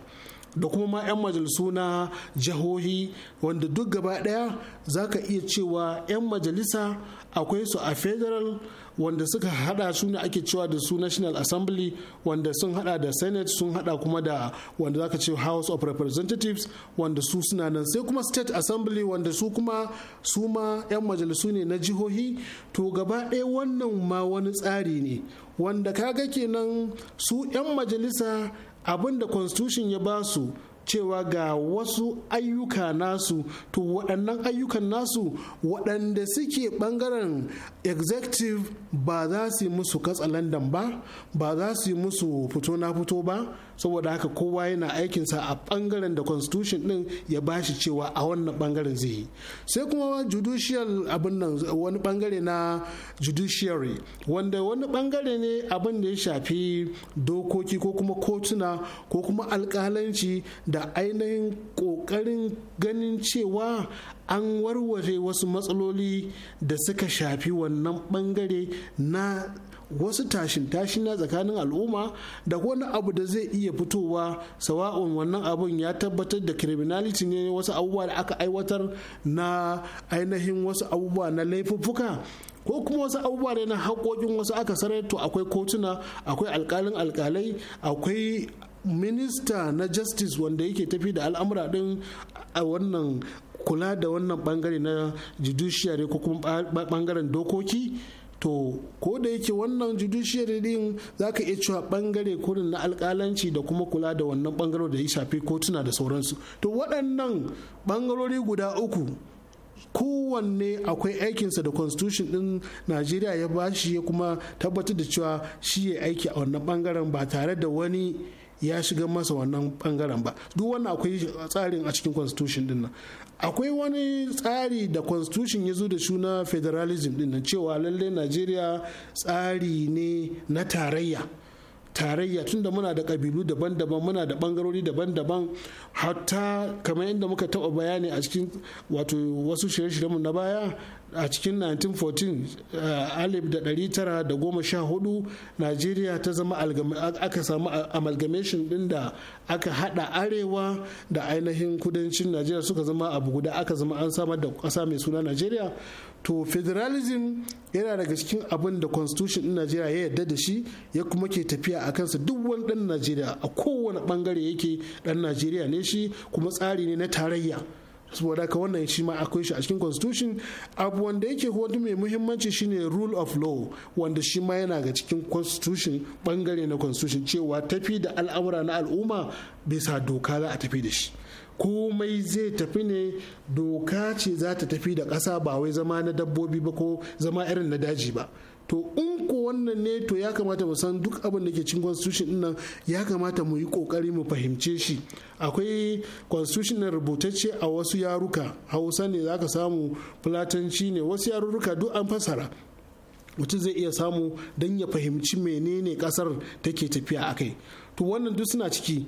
Speaker 5: da kuma ma 'yan majalisu na jihohi wanda duk gaba daya za ka iya cewa 'yan majalisa akwai su a federal wanda suka hada su ne ake cewa da su national assembly wanda sun hada da senate sun hada kuma da wanda za ka ce house of representatives wanda su suna nan sai kuma state assembly wanda su kuma su ma 'yan majalisu ne na jihohi to gaba ɗaya wannan ma wani tsari ne wanda kaga kenan su 'yan majalisa abin da constitution ya ba su cewa ga wasu ayyuka nasu to waɗannan ayyukan nasu waɗanda suke ɓangaren executive ba za su yi musu katsalandan ba ba za su yi musu fito na fito ba saboda haka kowa yana aikinsa a bangaren da constitution din ya bashi cewa a wannan bangaren zai yi sai kuma judicial abin nan wani bangare na judiciary wanda wani bangare ne abin da ya shafi dokoki ko kuma kotuna ko kuma alkalanci da ainihin kokarin ganin cewa an warware wasu matsaloli da suka shafi wannan bangare na wasu tashin na tsakanin al'umma da wani abu da zai iya fitowa sawa'un wannan abun ya tabbatar da criminality ne wasu abubuwa da aka aiwatar na ainihin wasu abubuwa na laifuffuka ko kuma wasu abubuwa ne na haƙoƙin wasu aka sarai to akwai kotuna akwai alƙalin alƙalai akwai minista na justice wanda yake tafi da al'amura ɗin a wannan kula da wannan bangare na judiciary ko kuma bangaren dokoki to ko da yake wannan judiciary din zaka iya cewa bangare kurin na alkalanci da kuma kula da wannan bangaro da ya shafi kotuna da sauransu to waɗannan bangarori guda uku kowanne akwai aikinsa da constitution din najeriya ya bashi ya kuma tabbatar da cewa shi ya aiki a wannan bangaren ba tare da wani ya shiga masa wannan bangaren ba duk wannan akwai tsarin a cikin constitution din nan akwai wani tsari da constitution ya zo da shi federalism din nan cewa lalle najeriya tsari ne na tarayya tarayya tunda muna da kabilu daban-daban muna da bangarori daban-daban hatta kamar yadda muka taba bayani a cikin wato wasu shirye-shiryenmu na baya a cikin 1914 eh, da hudu najeriya ta zama aka samu amalgamation din da aka hada arewa da ainihin kudancin najeriya suka zama abu guda aka zama an samar da kasa mai suna najeriya to federalism yana daga cikin abin da constitution din najeriya ya yarda da shi ya kuma ke tafiya a kansa duk wani dan najeriya a kowane bangare yake dan najeriya ne shi kuma tsari ne na tarayya saboda ka wannan shi ma akwai shi a cikin constitution abu wanda yake wani mai muhimmanci shine rule of law wanda shi ma yana ga cikin constitution bangare na constitution cewa tafi da al'amura na al'umma bisa doka za a tafi da shi komai zai tafi ne doka ce za ta tafi da kasa ba wai zama na dabbobi ba ko zama irin na daji ba to in ko wannan ne to ya kamata mu san duk abin da ke cikin constitution din nan ya kamata mu yi kokari mu fahimce shi akwai constitution na rubutacce a wasu yaruka hausa ne zaka samu fulatanci ne wasu yarurruka duk an fasara mutum zai iya samu don ya fahimci menene kasar take tafiya akai to wannan duk suna ciki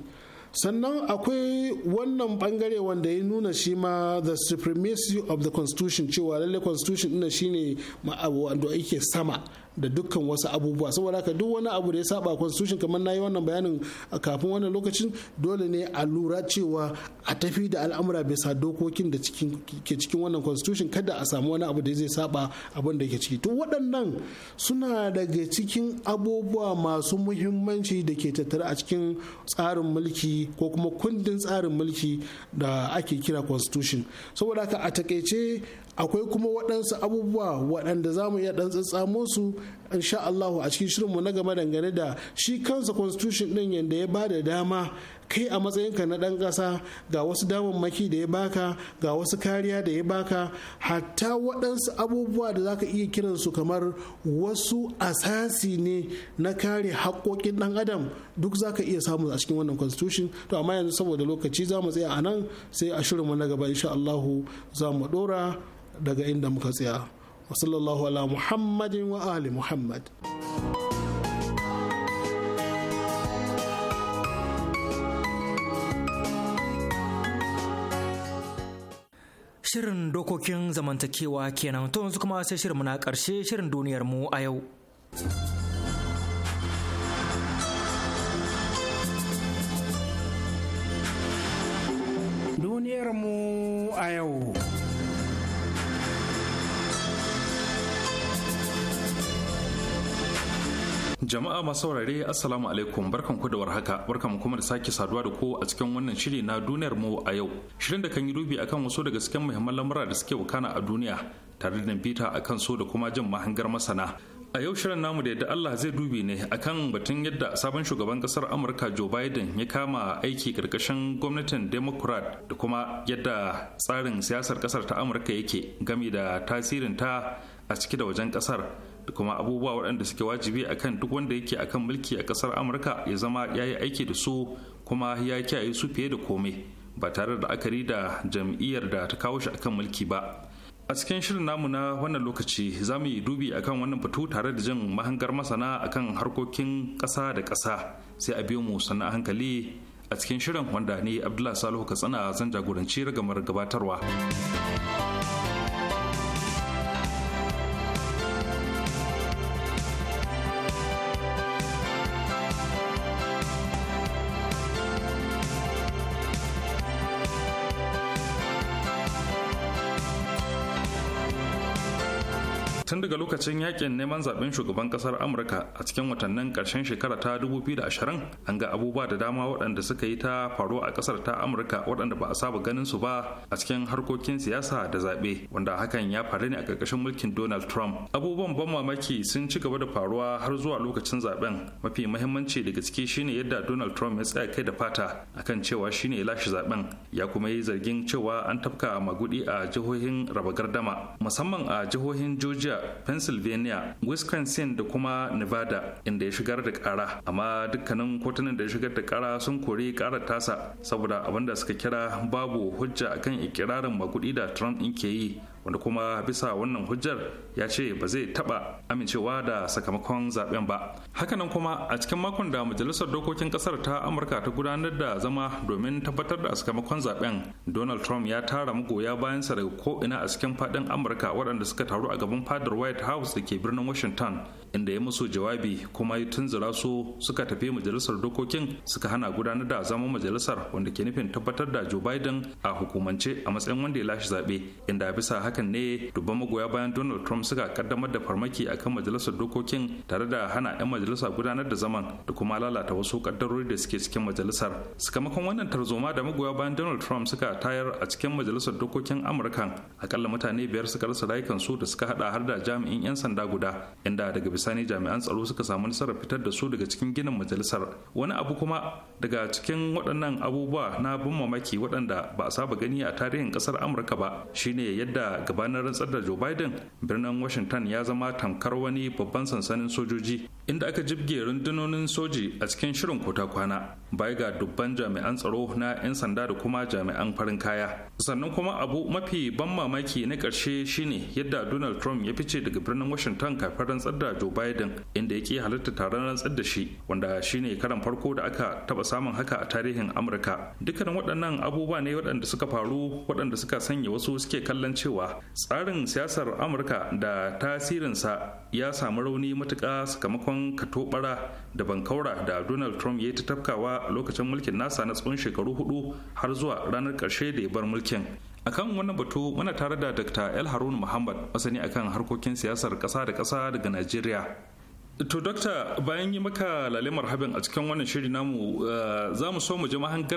Speaker 5: sannan akwai wannan bangare wanda ya nuna shi ma the supremacy of the constitution cewa lalle constitution ɗin shine ma'abu wanda yake sama da dukkan wasu abubuwa saboda haka duk wani abu da ya saba constitution kamar nayi wannan bayanin kafin wannan lokacin dole ne a lura cewa a tafi da al'amura bisa dokokin da ke cikin wannan constitution kada a samu wani abu da zai saba abin da ke ciki to waɗannan suna daga cikin abubuwa masu muhimmanci da ke tattare a cikin tsarin mulki ko kuma kundin tsarin mulki da ake kira constitution saboda haka a takaice akwai kuma waɗansu abubuwa waɗanda za mu iya ɗan tsatsamo su insha Allahu a cikin shirinmu na gaba dangane da shi kansa constitution din yadda ya bada dama kai a matsayinka na ɗan kasa ga wasu damammaki da ya baka ga wasu kariya da ya baka hatta waɗansu abubuwa da zaka iya kiransu kamar wasu asasi ne na kare haƙoƙin ɗan adam duk zaka iya samu a cikin wannan constitution to amma yanzu saboda lokaci za mu tsaya a nan sai a shirinmu na gaba insha Allahu za mu ɗora daga inda muka tsaya. wa ala muhammadin wa ali muhammad
Speaker 1: Shirin dokokin zamantakewa kenan to yanzu kuma sai shirin na ƙarshe shirin duniyar mu a yau.
Speaker 7: Duniyar mu a yau.
Speaker 2: Jama'a masu saurare Assalamu alaikum barkan ku da warhaka barkan mu kuma da sake saduwa da ku a cikin wannan shiri na duniyar mu a yau shirin da kan yi dubi akan wasu daga cikin muhimman lamura da suke wakana a duniya tare da bita akan so da kuma jin mahangar masana a yau shirin namu da yadda Allah zai dubi ne akan batun yadda sabon shugaban kasar Amurka Joe Biden ya kama aiki karkashin gwamnatin Democrat da kuma yadda tsarin siyasar kasar ta Amurka yake game da tasirin ta a ciki da wajen kasar da kuma abubuwa waɗanda suke wajibi a kan duk wanda yake akan mulki a ƙasar amurka ya zama ya yi aiki da su kuma ya kiyaye su fiye da komai ba tare da akari da jam'iyyar da ta kawo shi akan mulki ba a cikin shirin namu na wannan lokaci za mu yi dubi akan wannan batu tare da jin mahangar masana akan harkokin ƙasa da ƙasa sai a biyo mu sannan hankali a cikin shirin wanda ni abdullahi salihu katsina zan jagoranci ragamar gabatarwa lokacin yakin neman zaben shugaban kasar amurka a cikin watannin karshen shekara ta 2020 an ga abubuwa da dama waɗanda suka yi ta faru a kasar ta amurka waɗanda ba a saba ganin su ba a cikin harkokin siyasa da zaɓe wanda hakan ya faru ne a ƙarƙashin mulkin donald trump abubuwan ban mamaki sun ci gaba da faruwa har zuwa lokacin zaben mafi muhimmanci daga ciki shine yadda donald trump ya tsaya kai da fata akan cewa shine ya lashe zaben ya kuma yi zargin cewa an tafka magudi a jihohin raba gardama musamman a jihohin georgia pennsylvania pennsylvania wisconsin da kuma nevada inda ya shigar da kara amma dukkanin kotunan da ya shigar da kara sun kori kara tasa saboda abinda suka kira babu hujja akan ikirarin makudi da trump in ke yi wanda kuma bisa wannan hujjar ya ce ba zai taba amincewa da sakamakon zaben ba hakanan kuma a cikin makon da majalisar dokokin kasar ta amurka ta gudanar da zama domin tabbatar da sakamakon zaben donald trump ya tara magoya bayansa daga ko'ina a cikin faɗin amurka waɗanda suka taru a gaban fadar white house da ke birnin washington inda ya musu jawabi kuma ya tunzura su suka tafi majalisar dokokin suka hana gudanar da zaman majalisar wanda ke nufin tabbatar da Joe Biden a hukumance a matsayin wanda ya lashe zaɓe inda bisa hakan ne dubban magoya bayan Donald Trump suka kaddamar da farmaki akan majalisar dokokin tare da hana 'yan majalisa gudanar da zaman da kuma lalata wasu kaddarori da suke cikin majalisar sakamakon wannan tarzoma da magoya bayan Donald Trump suka tayar a cikin majalisar dokokin amurkan akalla mutane biyar suka rasa rayukansu da suka hada har da jami'in 'yan sanda guda inda daga sani jami'an tsaro suka samu nasarar fitar da su daga cikin ginin majalisar wani abu kuma daga cikin waɗannan abubuwa na bin mamaki waɗanda ba a saba gani a tarihin ƙasar amurka ba shine yadda gabanin rantsar da joe biden birnin washington ya zama tamkar wani babban sansanin sojoji inda aka jibge rundunonin soji a cikin shirin kota kwana baya ga dubban jami'an tsaro na 'yan sanda da kuma jami'an farin kaya sannan kuma abu mafi ban mamaki na ƙarshe shine yadda donald trump ya fice daga birnin washington kafin rantsar da joe biden inda ya ki halarta taron rantsar da shi wanda shine karan farko da aka taba samun haka a tarihin amurka dukkanin waɗannan abubuwa ne waɗanda suka faru waɗanda suka sanya wasu suke kallon cewa tsarin siyasar amurka da tasirinsa ya samu rauni matuƙa sakamakon sakamakon katobara da bankaura da donald trump ya yi ta tafkawa lokacin mulkin nasa na tsawon shekaru hudu har zuwa ranar karshe da ya bar mulkin a kan wannan batu muna tare da dr el harun muhammad masani akan harkokin siyasar kasa da kasa daga nigeria. to dokta bayan yi maka lalimar habin a cikin wannan shiri namu eh, za mu so mu ji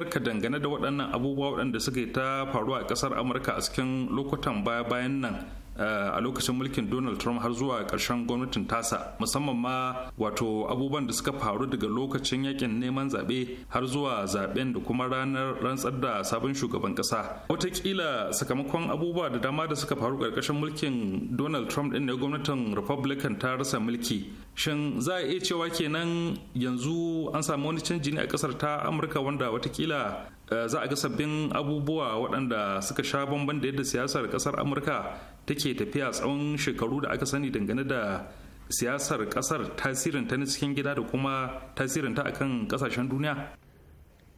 Speaker 2: ka dangane da waɗannan abubuwa waɗanda suka yi ta faruwa a ƙasar amurka a cikin lokutan baya bayan nan Eh, a lokacin mulkin donald trump har zuwa karshen gwamnatin tasa musamman ma wato abubuwan da suka faru daga lokacin yakin neman zabe har zuwa zaben da kuma ranar rantsar da sabon shugaban kasa watakila sakamakon abubuwa da dama da suka faru ƙarƙashin mulkin donald trump din ne gwamnatin republican ta rasa mulki shin za a iya cewa kenan yanzu an samu wani canji ne a ƙasar ta amurka wanda watakila eh, za a ga sabbin abubuwa waɗanda suka sha bamban da yadda siyasar ƙasar amurka take tafiya tsawon shekaru da aka sani dangane da siyasar kasar tasirin ta na cikin gida da kuma tasirin ta akan kasashen duniya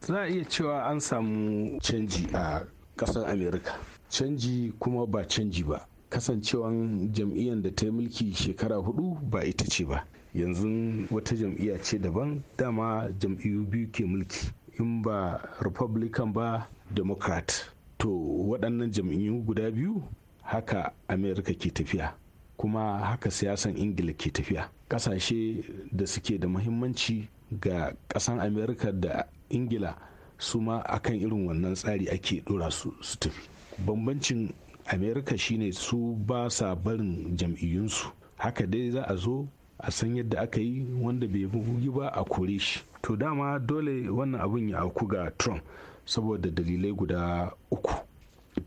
Speaker 7: za iya cewa an samu canji a kasar america canji kuma ba canji ba kasancewan jam'iyyar da ta yi mulki shekara hudu ba ita ce ba yanzu wata jam'iyya ce daban dama jam'iyyu biyu ke mulki in ba republican ba democrat to waɗannan jam'iyyu guda biyu haka amerika ke tafiya kuma haka siyasan ingila ke tafiya ƙasashe da suke da muhimmanci ga ƙasan amerika da ingila su ma akan irin wannan tsari ake ɗora su su tafi bambancin amerika shine su ba sa barin jam'iyyunsu haka dai za a zo a san yadda aka yi wanda bai yi ba a kore shi to dama dole wannan abin ya auku ga trump saboda dalilai guda uku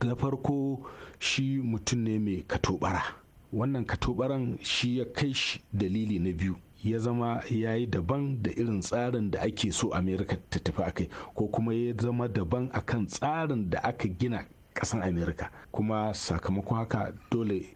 Speaker 7: na farko shi mutum ne mai katobara wannan katobaran shi ya kai shi dalili na biyu ya zama ya yi daban da irin tsarin da ake so amerika ta tafi akai ko kuma ya zama daban a kan tsarin da aka gina kasan amerika kuma sakamakon haka dole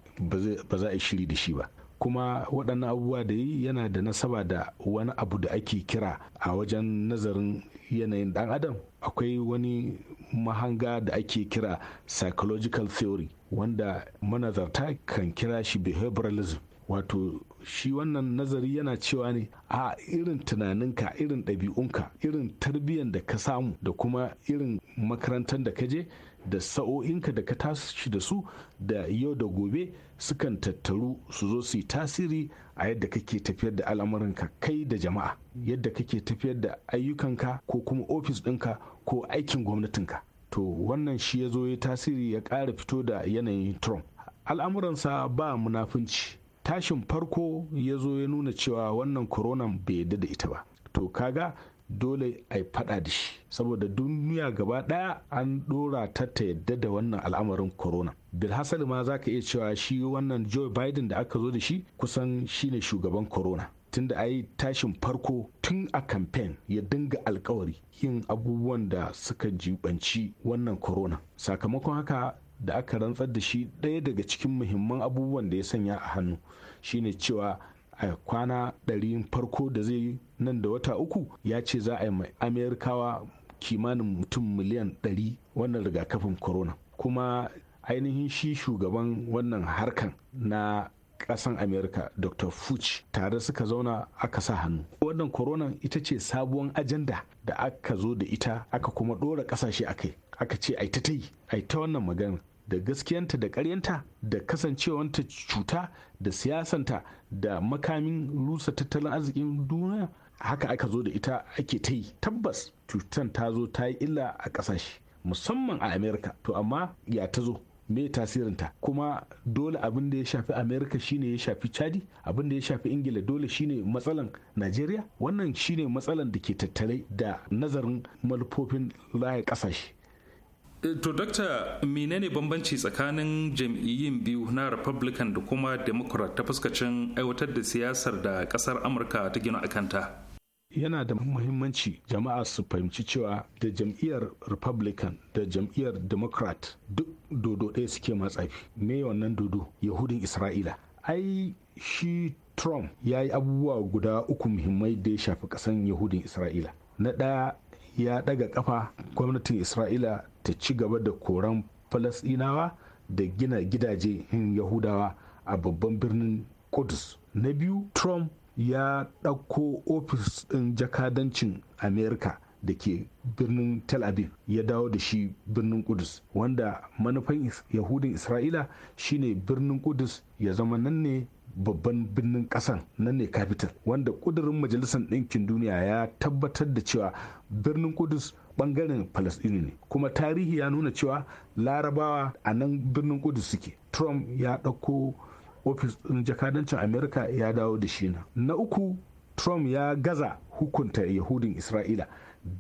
Speaker 7: ba za a shiri da shi ba kuma waɗannan abubuwa da yi yana da nasaba da wani abu da ake kira a wajen nazarin yanayin ɗan adam akwai wani mahanga da ake kira psychological theory wanda manazarta kan kira shi behavioralism wato shi wannan nazari yana cewa ne a irin tunaninka irin ɗabi'unka irin tarbiyyar da ka samu da kuma irin makarantar da ka je da sa'o'inka da ka tashi da su da yau da gobe sukan tattaru su zo su yi tasiri a yadda kake tafiyar da al'amuranka kai da jama'a yadda kake tafiyar da ayyukanka ko kuma ofis ɗinka ko aikin gwamnatinka to wannan shi ya zo ya tasiri ya ƙara fito da yanayin trump al'amuransa ba munafunci tashin farko ya zo ya nuna cewa wannan koronan bai yadda da ita ba to kaga dole a faɗa da shi saboda duniya gaba ɗaya an dora ta ta yadda da wannan al'amarin corona bilhassali ma za ka iya cewa shi wannan joe biden da aka zo da shi kusan shine shugaban corona tunda a yi tashin farko tun a kamfen ya dinga alkawari yin abubuwan da suka jibanci wannan corona sakamakon haka da aka rantsar da shi ɗaya daga cikin muhimman abubuwan da ya sanya a hannu shine cewa a kwana ɗari farko da zai nan da wata uku ya ce za a yi mai amerikawa kimanin mutum miliyan ɗari wannan rigakafin corona kuma ainihin shi shugaban wannan harkan na kasan america dr fuch tare suka zauna aka sa hannu wannan koronan ita ce sabuwar ajanda da aka zo da ita aka kuma ɗora ƙasashe kai aka ce ai ta ta yi ai ta wannan magana da gaskiyanta da karyanta da kasancewanta cuta da siyasanta da makamin rusa tattalin arzikin duniya haka aka zo da ita ake ta yi tabbas cutan ta zo ta yi illa a ƙasashe musamman a amerika to amma ya ta zo me tasirinta kuma dole abin da ya shafi america shine ya shafi chadi abin da ya shafi ingila dole shine matsalan najeriya wannan shine matsalan da ke tattare da nazarin malufofin laye kasashe
Speaker 2: eh, to dakta menene bambanci tsakanin jam'iyyun biyu na republican da kuma democrat ta fuskacin aiwatar da siyasar da kasar amurka ta gina akanta
Speaker 7: yana da muhimmanci jama'a su fahimci cewa da jam'iyyar republican da jam'iyyar democrat duk dodo ɗaya suke matsafi me wannan dodo yahudin isra'ila ai shi trump ya yi abubuwa guda uku muhimmai da ya shafi ƙasan yahudin isra'ila na ɗaya ya ɗaga ƙafa gwamnatin isra'ila ta ci gaba da koran falasɗinawa da gina gidaje yahudawa a babban birnin kudus na biyu trump ya ɗauko ofis ɗin jakadancin amerika da ke birnin tel aviv ya dawo da shi birnin kudus wanda manufan yahudin isra'ila shine birnin kudus ya zama nan ne babban birnin kasan nan ne capital wanda kudurin majalisar ɗinkin duniya ya tabbatar da cewa birnin kudus bangaren palestini ne kuma tarihi ya nuna cewa larabawa a nan birnin kudus suke trump ya ɗauko ofis ɗin jakadancin amerika ya dawo da shi na na uku trump ya gaza hukunta yahudin isra'ila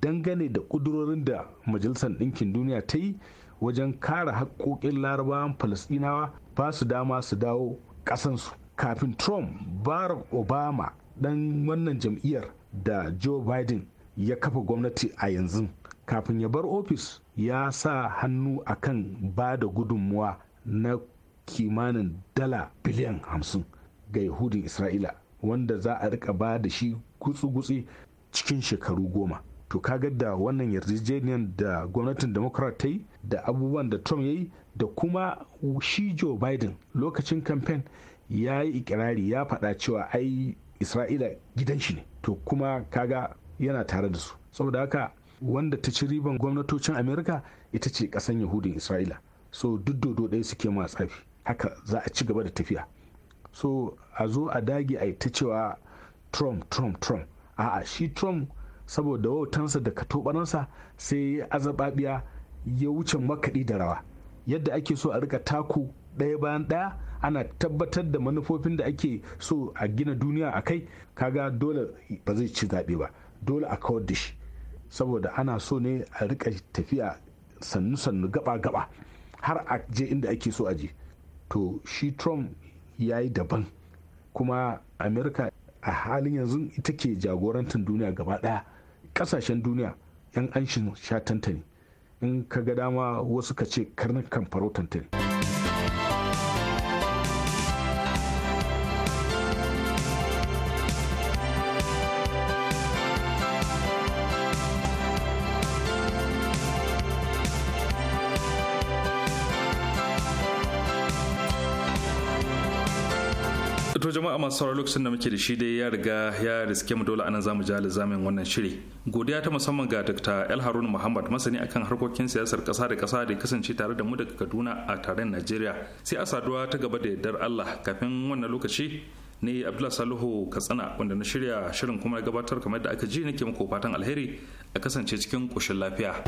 Speaker 7: dangane da ƙudurorin da majalisar ɗinkin duniya ta yi wajen kara haƙoƙin larabawan falasɗinawa ba su dama su dawo ƙasansu kafin trump barack obama ɗan wannan jam'iyyar da joe biden ya kafa gwamnati a yanzu kafin ya bar ofis ya sa hannu akan ba da gudunmuwa na kimanin dala biliyan hamsin ga yahudin isra'ila wanda za a rika ba da shi gutsi-gutsi cikin shekaru goma to kaga da wannan yarjejeniyar da gwamnatin democrat ta yi da abubuwan da trump ya yi da kuma shi joe biden lokacin kamfen ya yi ikirari ya faɗa cewa ai isra'ila gidan shi ne to kuma kaga yana tare da su saboda haka wanda ta ci riban gwamnatocin america ita ce ƙasan yahudin isra'ila so duk dodo ɗaya suke ma tsafi haka za a ci gaba da tafiya so a zo a dage a yi ta cewa trump trump trump a'a shi trump saboda wautansa da katobaransa sai ya azababiya ya wuce makaɗi da rawa yadda ake so a rika taku ɗaya bayan ɗaya ana tabbatar da manufofin da ake so a gina duniya a kai kaga dole ba zai ci zaɓe ba dole a kawar da shi saboda ana so ne a rika tafiya sannu sannu gaba gaba har a je inda ake so a je to shi trump ya yi daban kuma amerika a halin yanzu ita ke jagorantar duniya gaba daya kasashen duniya yan anshin shatanta ne in ka ga dama wasu ka ce karnukan farautar ne
Speaker 2: masu sauraro lokacin da muke da shi dai ya riga ya riske mu dole anan zamu ja lizamin wannan shiri godiya ta musamman ga dr el harun muhammad masani akan harkokin siyasar kasa da kasa da kasance tare da mu daga kaduna a tarayyar najeriya sai a saduwa ta gaba da yardar allah kafin wannan lokaci ne abdullah salihu katsina wanda na shirya shirin kuma gabatar kamar da aka ji nake muku fatan alheri a kasance cikin koshin lafiya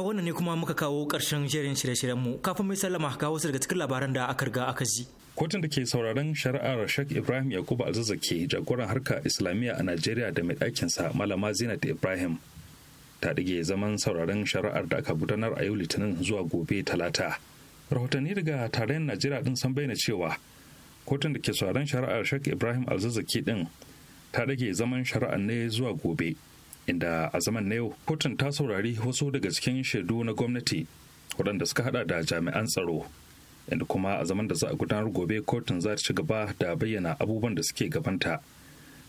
Speaker 1: wannan ne kuma muka kawo ƙarshen jerin shirye-shiryenmu kafin mai sallama ga wasu daga cikin labaran da aka riga aka ji.
Speaker 2: Kotun da ke sauraron shari'ar shek Ibrahim Yakubu Alzazzake jagoran harka Islamiyya a Najeriya da mai ɗakinsa Malama Zinat Ibrahim ta ɗige zaman sauraron shari'ar da aka gudanar a yau Litinin zuwa gobe Talata. Rahotanni daga tarayyar Najeriya din sun bayyana cewa kotun da ke sauraron shari'ar Shak Ibrahim Alzazzake din ta dage zaman shari'ar ne zuwa gobe inda a zaman na yau kotun ta saurari wasu daga cikin shaidu na gwamnati waɗanda suka hada da jami'an tsaro inda kuma a zaman da za a gudanar gobe kotun za ta ci gaba da bayyana abubuwan da suke gabanta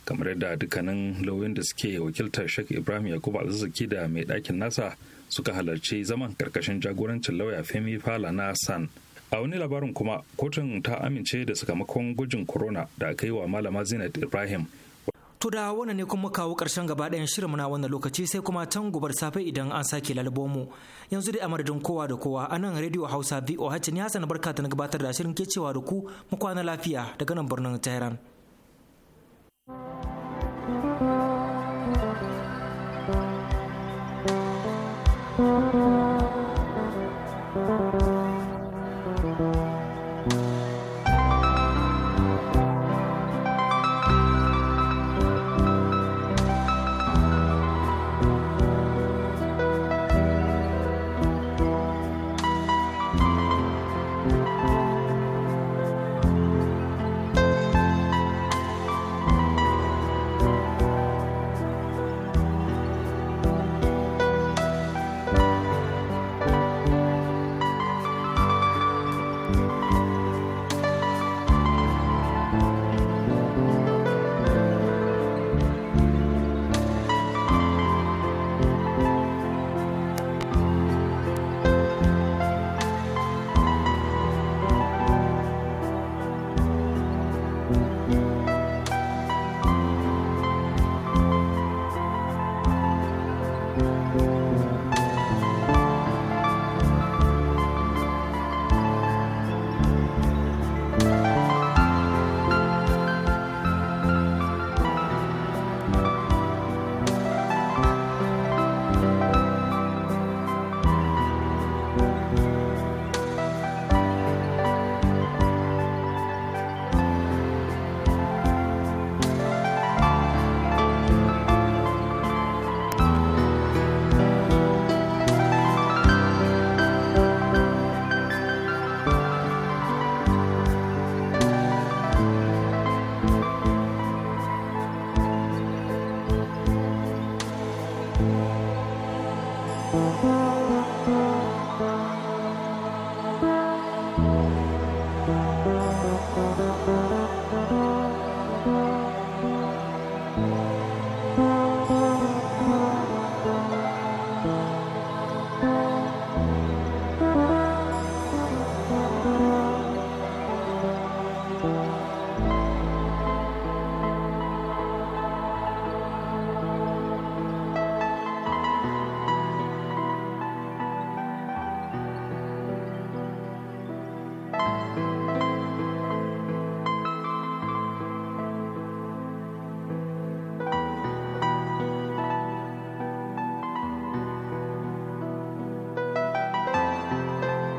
Speaker 2: kamar yadda dukkanin lauyoyin da suke wakiltar shek ibrahim yakubu alzazzaki da mai ɗakin nasa suka halarci zaman karkashin jagorancin lauya femi fala na san a wani labarin kuma kotun ta amince da sakamakon gwajin corona da aka yi wa malama zinat ibrahim
Speaker 1: To da wannan ne kuma kawo ƙarshen gaba ɗayan shirin na wannan lokaci sai kuma can gobar safe idan an sake lalbo mu. Yanzu dai a madadin kowa da kowa a nan Radio Hausa VOH ne sanar barka ta na gabatar da shirin ke cewa da ku mu kwana lafiya daga nan birnin Tehran.
Speaker 8: thank you